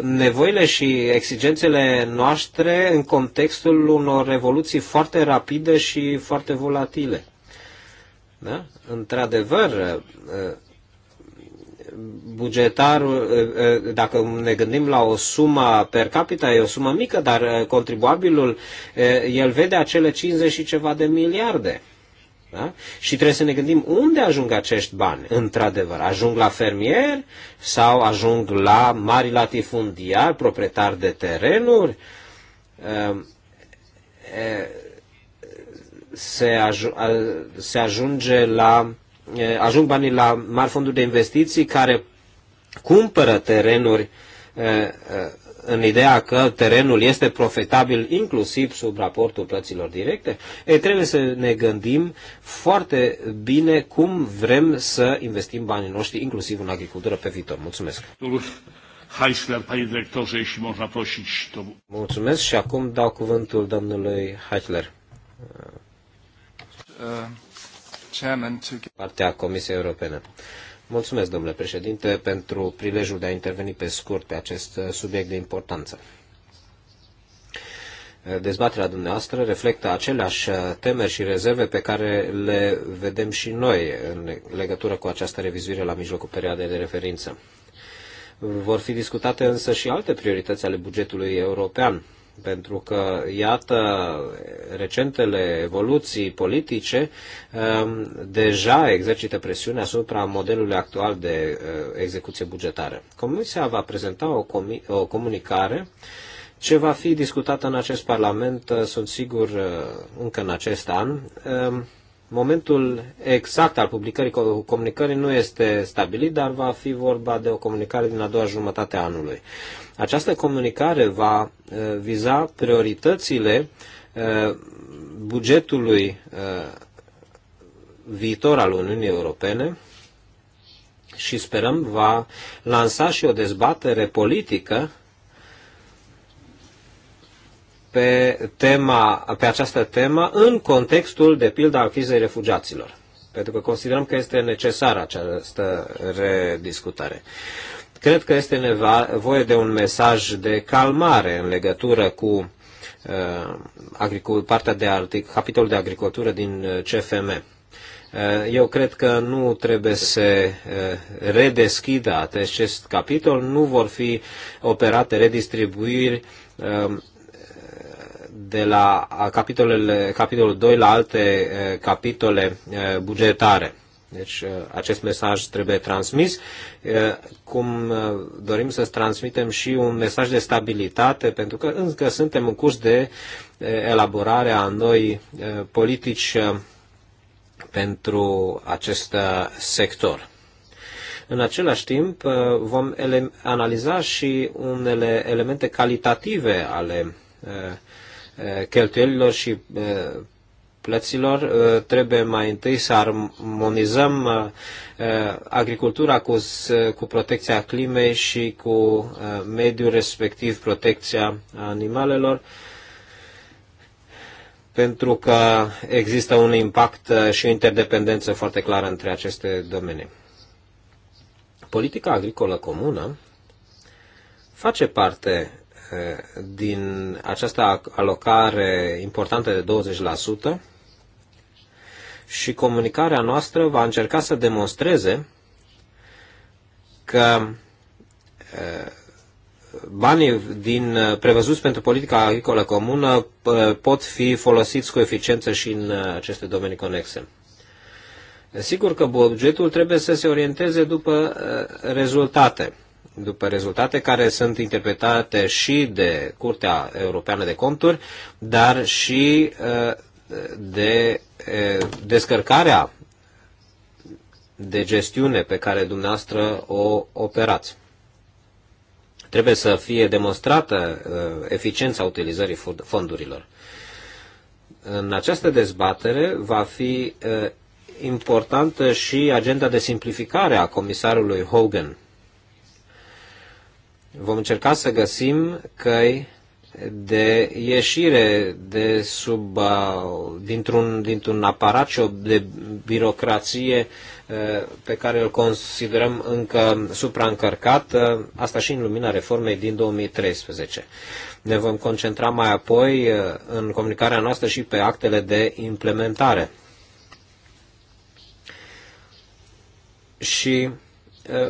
nevoile și exigențele noastre în contextul unor revoluții foarte rapide și foarte volatile. Da? Într-adevăr, bugetarul, uh, uh, dacă ne gândim la o sumă per capita, e o sumă mică, dar uh, contribuabilul, el vede acele 50 și ceva de miliarde. Da? Și trebuie să ne gândim unde ajung acești bani, într-adevăr. Ajung la fermier, sau ajung la mari latifundiari, proprietari de terenuri? Se, aj- se ajunge la ajung banii la mari fonduri de investiții care cumpără terenuri în ideea că terenul este profitabil inclusiv sub raportul plăților directe, e, trebuie să ne gândim foarte bine cum vrem să investim banii noștri, inclusiv în agricultură, pe viitor. Mulțumesc! Heisler, directorze, można prosić, to... Mulțumesc și acum dau cuvântul domnului Heisler. Partea Comisiei Europene. Mulțumesc, domnule președinte, pentru prilejul de a interveni pe scurt pe acest uh, subiect de importanță. Uh, dezbaterea dumneavoastră reflectă aceleași uh, temeri și rezerve pe care le vedem și noi în legătură cu această revizuire la mijlocul perioadei de referință. Vor fi discutate însă și alte priorități ale bugetului european, pentru că, iată, recentele evoluții politice um, deja exercită presiune asupra modelului actual de uh, execuție bugetară. Comisia va prezenta o, comi- o comunicare ce va fi discutată în acest Parlament, uh, sunt sigur, uh, încă în acest an. Um, momentul exact al publicării comunicării nu este stabilit, dar va fi vorba de o comunicare din a doua jumătate a anului. Această comunicare va uh, viza prioritățile uh, bugetului uh, viitor al Uniunii Europene și sperăm va lansa și o dezbatere politică pe, tema, pe această temă în contextul, de pildă, al crizei refugiaților. Pentru că considerăm că este necesară această rediscutare. Cred că este nevoie de un mesaj de calmare în legătură cu uh, partea de capitolul de agricultură din uh, CFM. Uh, eu cred că nu trebuie să redeschidă acest capitol, nu vor fi operate redistribuiri um, de la capitolul 2 la alte capitole bugetare. Deci uh, acest mesaj trebuie transmis, uh, cum uh, dorim să transmitem și un mesaj de stabilitate, pentru că încă suntem în curs de elaborare a noi politici pentru acest sector. În același timp, vom analiza și unele elemente calitative ale cheltuielilor și plăților, uh, trebuie mai întâi să armonizăm uh, uh, agricultura cu, cu protecția climei și cu mediul, respectiv protecția animalelor, pentru că există un impact și o interdependență foarte clară între aceste domenii. Politica agricolă comună face parte din această alocare importantă de 20%, și comunicarea noastră va încerca să demonstreze că banii din prevăzuți pentru politica agricolă comună pot fi folosiți cu eficiență și în aceste domenii conexe. Sigur că bugetul trebuie să se orienteze după rezultate, după rezultate care sunt interpretate și de Curtea Europeană de Conturi, dar și de descărcarea de gestiune pe care dumneavoastră o operați. Trebuie să fie demonstrată eficiența utilizării fondurilor. În această dezbatere va fi importantă și agenda de simplificare a comisarului Hogan. Vom încerca să găsim căi de ieșire de sub, uh, dintr-un, dintr-un aparat și de birocrație uh, pe care îl considerăm încă supraîncărcat, uh, asta și în lumina reformei din 2013. Ne vom concentra mai apoi în comunicarea noastră și pe actele de implementare. Și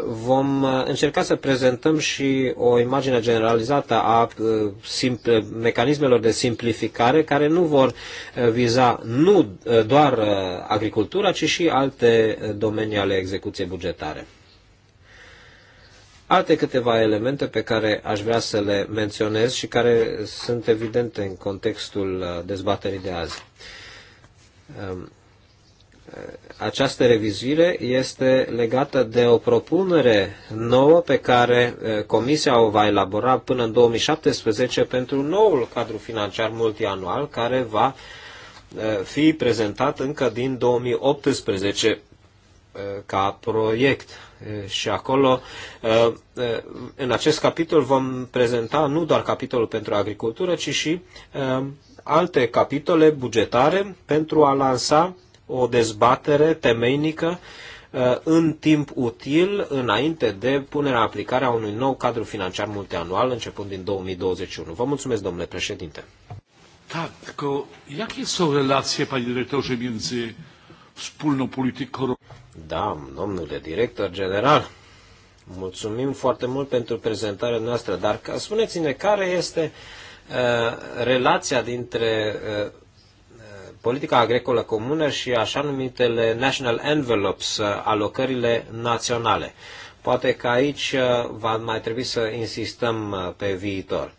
vom uh, încerca să prezentăm și o imagine generalizată a uh, simple, mecanismelor de simplificare care nu vor uh, viza nu doar agricultura, ci și alte domenii ale execuției bugetare. Alte câteva elemente pe care aș vrea să le menționez și care sunt evidente în contextul dezbaterii de azi. Um, această revizuire este legată de o propunere nouă pe care eh, Comisia o va elabora până în 2017 pentru noul cadru financiar multianual care va eh, fi prezentat încă din 2018 eh, ca proiect. Și acolo, în acest capitol, vom prezenta nu doar capitolul pentru agricultură, ci și alte capitole bugetare pentru a lansa o dezbatere temeinică uh, în timp util înainte de punerea aplicarea unui nou cadru financiar multianual începând din 2021. Vă mulțumesc, domnule președinte. Tak, tylko jakie są relacje, panie dyrektorze, między wspólną polityką... Da, domnule director general, mulțumim foarte mult pentru prezentarea noastră, dar spuneți-ne care este uh, relația dintre uh, politica agricolă comună și așa numitele national envelopes, uh, alocările naționale. Poate că aici uh, va mai trebui să insistăm uh, pe viitor.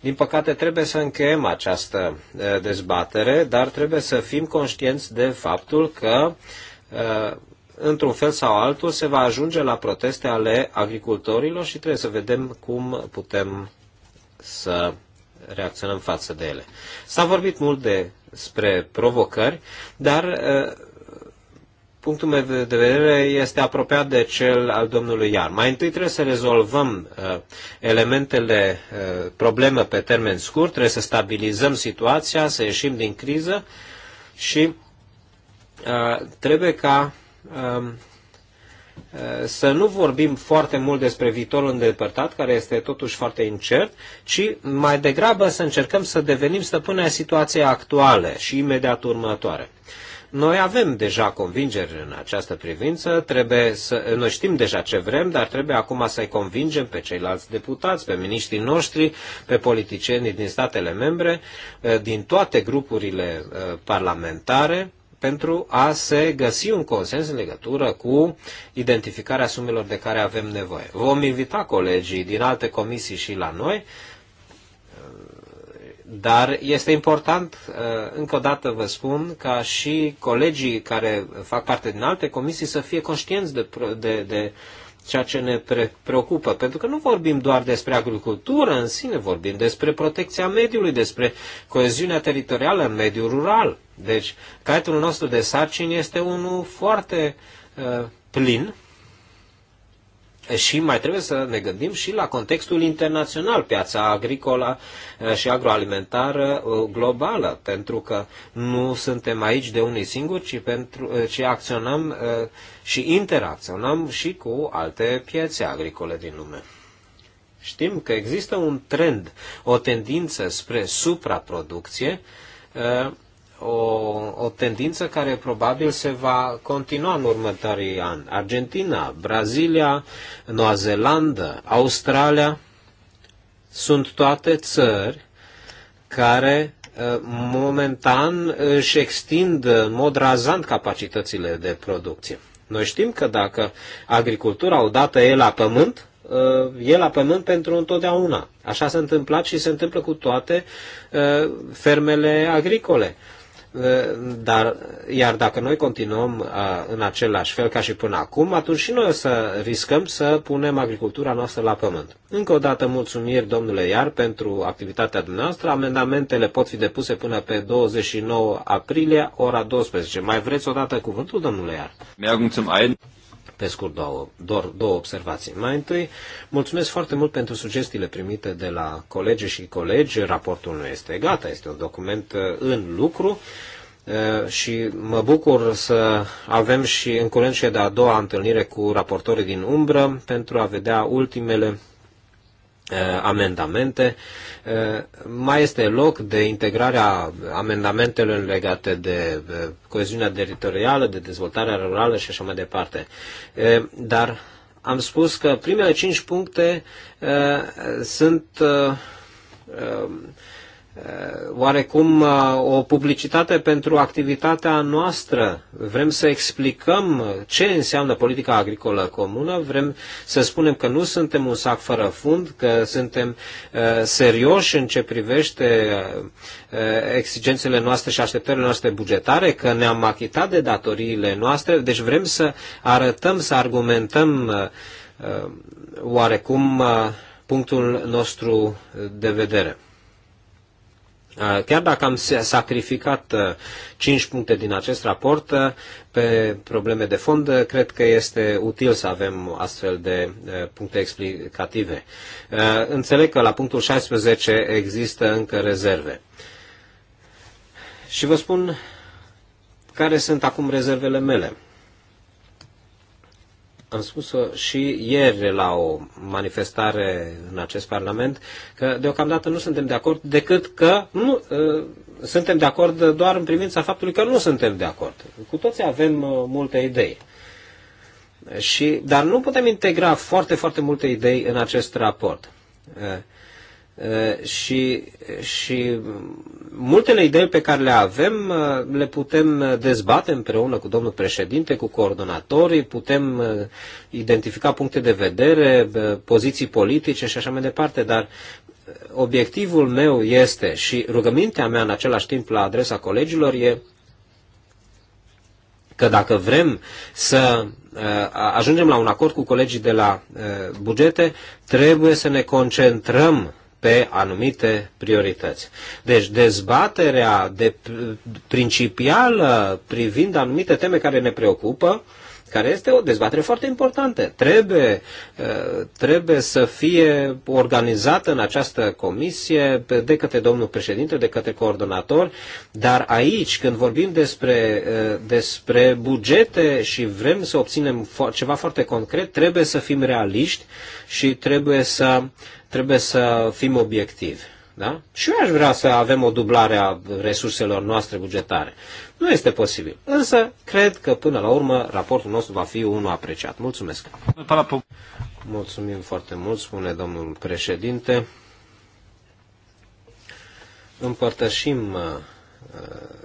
Din păcate trebuie să încheiem această dezbatere, dar trebuie să fim conștienți de faptul că într-un fel sau altul se va ajunge la proteste ale agricultorilor și trebuie să vedem cum putem să reacționăm față de ele. S-a vorbit mult de spre provocări, dar uh, punctul meu de vedere este apropiat de cel al domnului Iar. Mai întâi trebuie să rezolvăm uh, elementele, uh, problemă pe termen scurt, trebuie să stabilizăm situația, să ieșim din criză și trebuie ca um, Eh, să nu vorbim foarte mult despre viitorul îndepărtat, care este totuși foarte incert, ci mai degrabă să încercăm să devenim stăpâni a situației actuale și imediat următoare. Noi avem deja convingeri în această privință, trebuie să, noi știm deja ce vrem, dar trebuie acum să-i convingem pe ceilalți deputați, pe miniștrii noștri, pe politicienii din statele membre, eh, din toate grupurile eh, parlamentare, pentru a se găsi un consens în legătură cu identificarea sumelor de care avem nevoie. Vom invita colegii din alte comisii și la noi, dar este important, uh, încă o dată vă spun, ca și colegii care fac parte din alte comisii să fie conștienți de, de, de ceea ce ne preocupă, pentru că nu vorbim doar despre agricultură în sine, vorbim despre protecția mediului, despre coeziunea teritorială în mediul rural. Deci, caietul nostru de sarcini este unul foarte uh, plin și mai trebuie să ne gândim și la contextul internațional, piața agricolă uh, și agroalimentară uh, globală, pentru că nu suntem aici de unii singuri, ci, pentru, uh, ci acționăm și interacționăm și cu alte piețe agricole din lume. Știm că există un trend, o tendință spre supraproducție o, o tendință care probabil se va continua în următorii ani. Argentina, Brazilia, Noua Zeelandă, Australia sunt toate țări care momentan își extind în mod razant capacitățile de producție. Noi știm că dacă agricultura odată e la pământ, e la pământ pentru întotdeauna. Așa s-a întâmplat și se întâmplă cu toate fermele agricole. Eh, dar, iar dacă noi continuăm eh, în același fel ca și până acum, atunci și noi o să riscăm să punem agricultura noastră la pământ. Încă o dată mulțumiri, domnule Iar, pentru activitatea dumneavoastră. Amendamentele pot fi depuse până pe 29 aprilie, ora 12. Mai vreți o dată cuvântul, domnule Iar? pe scurt două, doar două observații. Mai întâi, mulțumesc foarte mult pentru sugestiile primite de la colegi și colegi. Raportul nu este gata, este un document uh, în lucru uh, și mă bucur să avem și în curând și de a doua întâlnire cu raportorii din umbră pentru a vedea ultimele Uh, amendamente. Uh, mai este loc de integrarea amendamentelor legate de uh, coeziunea teritorială, de dezvoltarea rurală și așa mai departe. Dar am spus că primele cinci puncte sunt um, Eh, oarecum eh, o publicitate pentru activitatea noastră. Vrem să explicăm ce înseamnă politica agricolă comună, vrem să spunem că nu suntem un sac fără fund, că suntem eh, serioși în ce privește exigențele noastre și așteptările noastre bugetare, că ne-am achitat de datoriile noastre, deci vrem să arătăm, să argumentăm oarecum punctul nostru de vedere. Chiar dacă am sacrificat 5 puncte din acest raport pe probleme de fond, cred că este util să avem astfel de puncte explicative. Înțeleg că la punctul 16 există încă rezerve. Și vă spun care sunt acum rezervele mele am spus-o și ieri la o manifestare în acest Parlament, că deocamdată nu suntem de acord decât că nu, ă, suntem de acord doar în privința faptului că nu suntem de acord. Cu toții avem ă, multe idei. Și, dar nu putem integra foarte, foarte multe idei în acest raport. Ă, Eh, și, și multele idei pe care le avem eh, le putem dezbate împreună cu domnul președinte, cu coordonatorii, putem eh, identifica puncte de vedere, poziții politice și așa mai departe, dar obiectivul meu este și rugămintea mea în același timp la adresa colegilor e că dacă vrem să ajungem la un acord cu colegii de la bugete, trebuie să ne concentrăm pe anumite priorități. Deci dezbaterea de principială privind anumite teme care ne preocupă, care este o dezbatere foarte importantă. Trebuie, uh, trebuie să fie organizată în această comisie de către domnul președinte, de către coordonator, dar aici, când vorbim despre, uh, despre bugete și vrem să obținem ceva foarte concret, trebuie să fim realiști și trebuie să trebuie să fim obiectivi. Da? Și eu aș vrea să avem o dublare a resurselor noastre bugetare. Nu este posibil. Însă, cred că până la urmă raportul nostru va fi unul apreciat. Mulțumesc! Mulțumim foarte mult, spune domnul președinte. Împărtășim uh,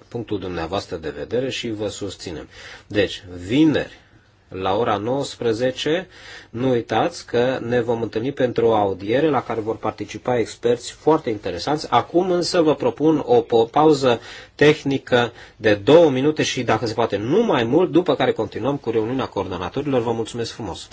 punctul dumneavoastră de vedere și vă susținem. Deci, vineri, la ora 19. Nu uitați că ne vom întâlni pentru o audiere la care vor participa experți foarte interesanți. Acum însă vă propun o pauză tehnică de două minute și, dacă se poate, nu mai mult, după care continuăm cu reuniunea coordonatorilor. Vă mulțumesc frumos!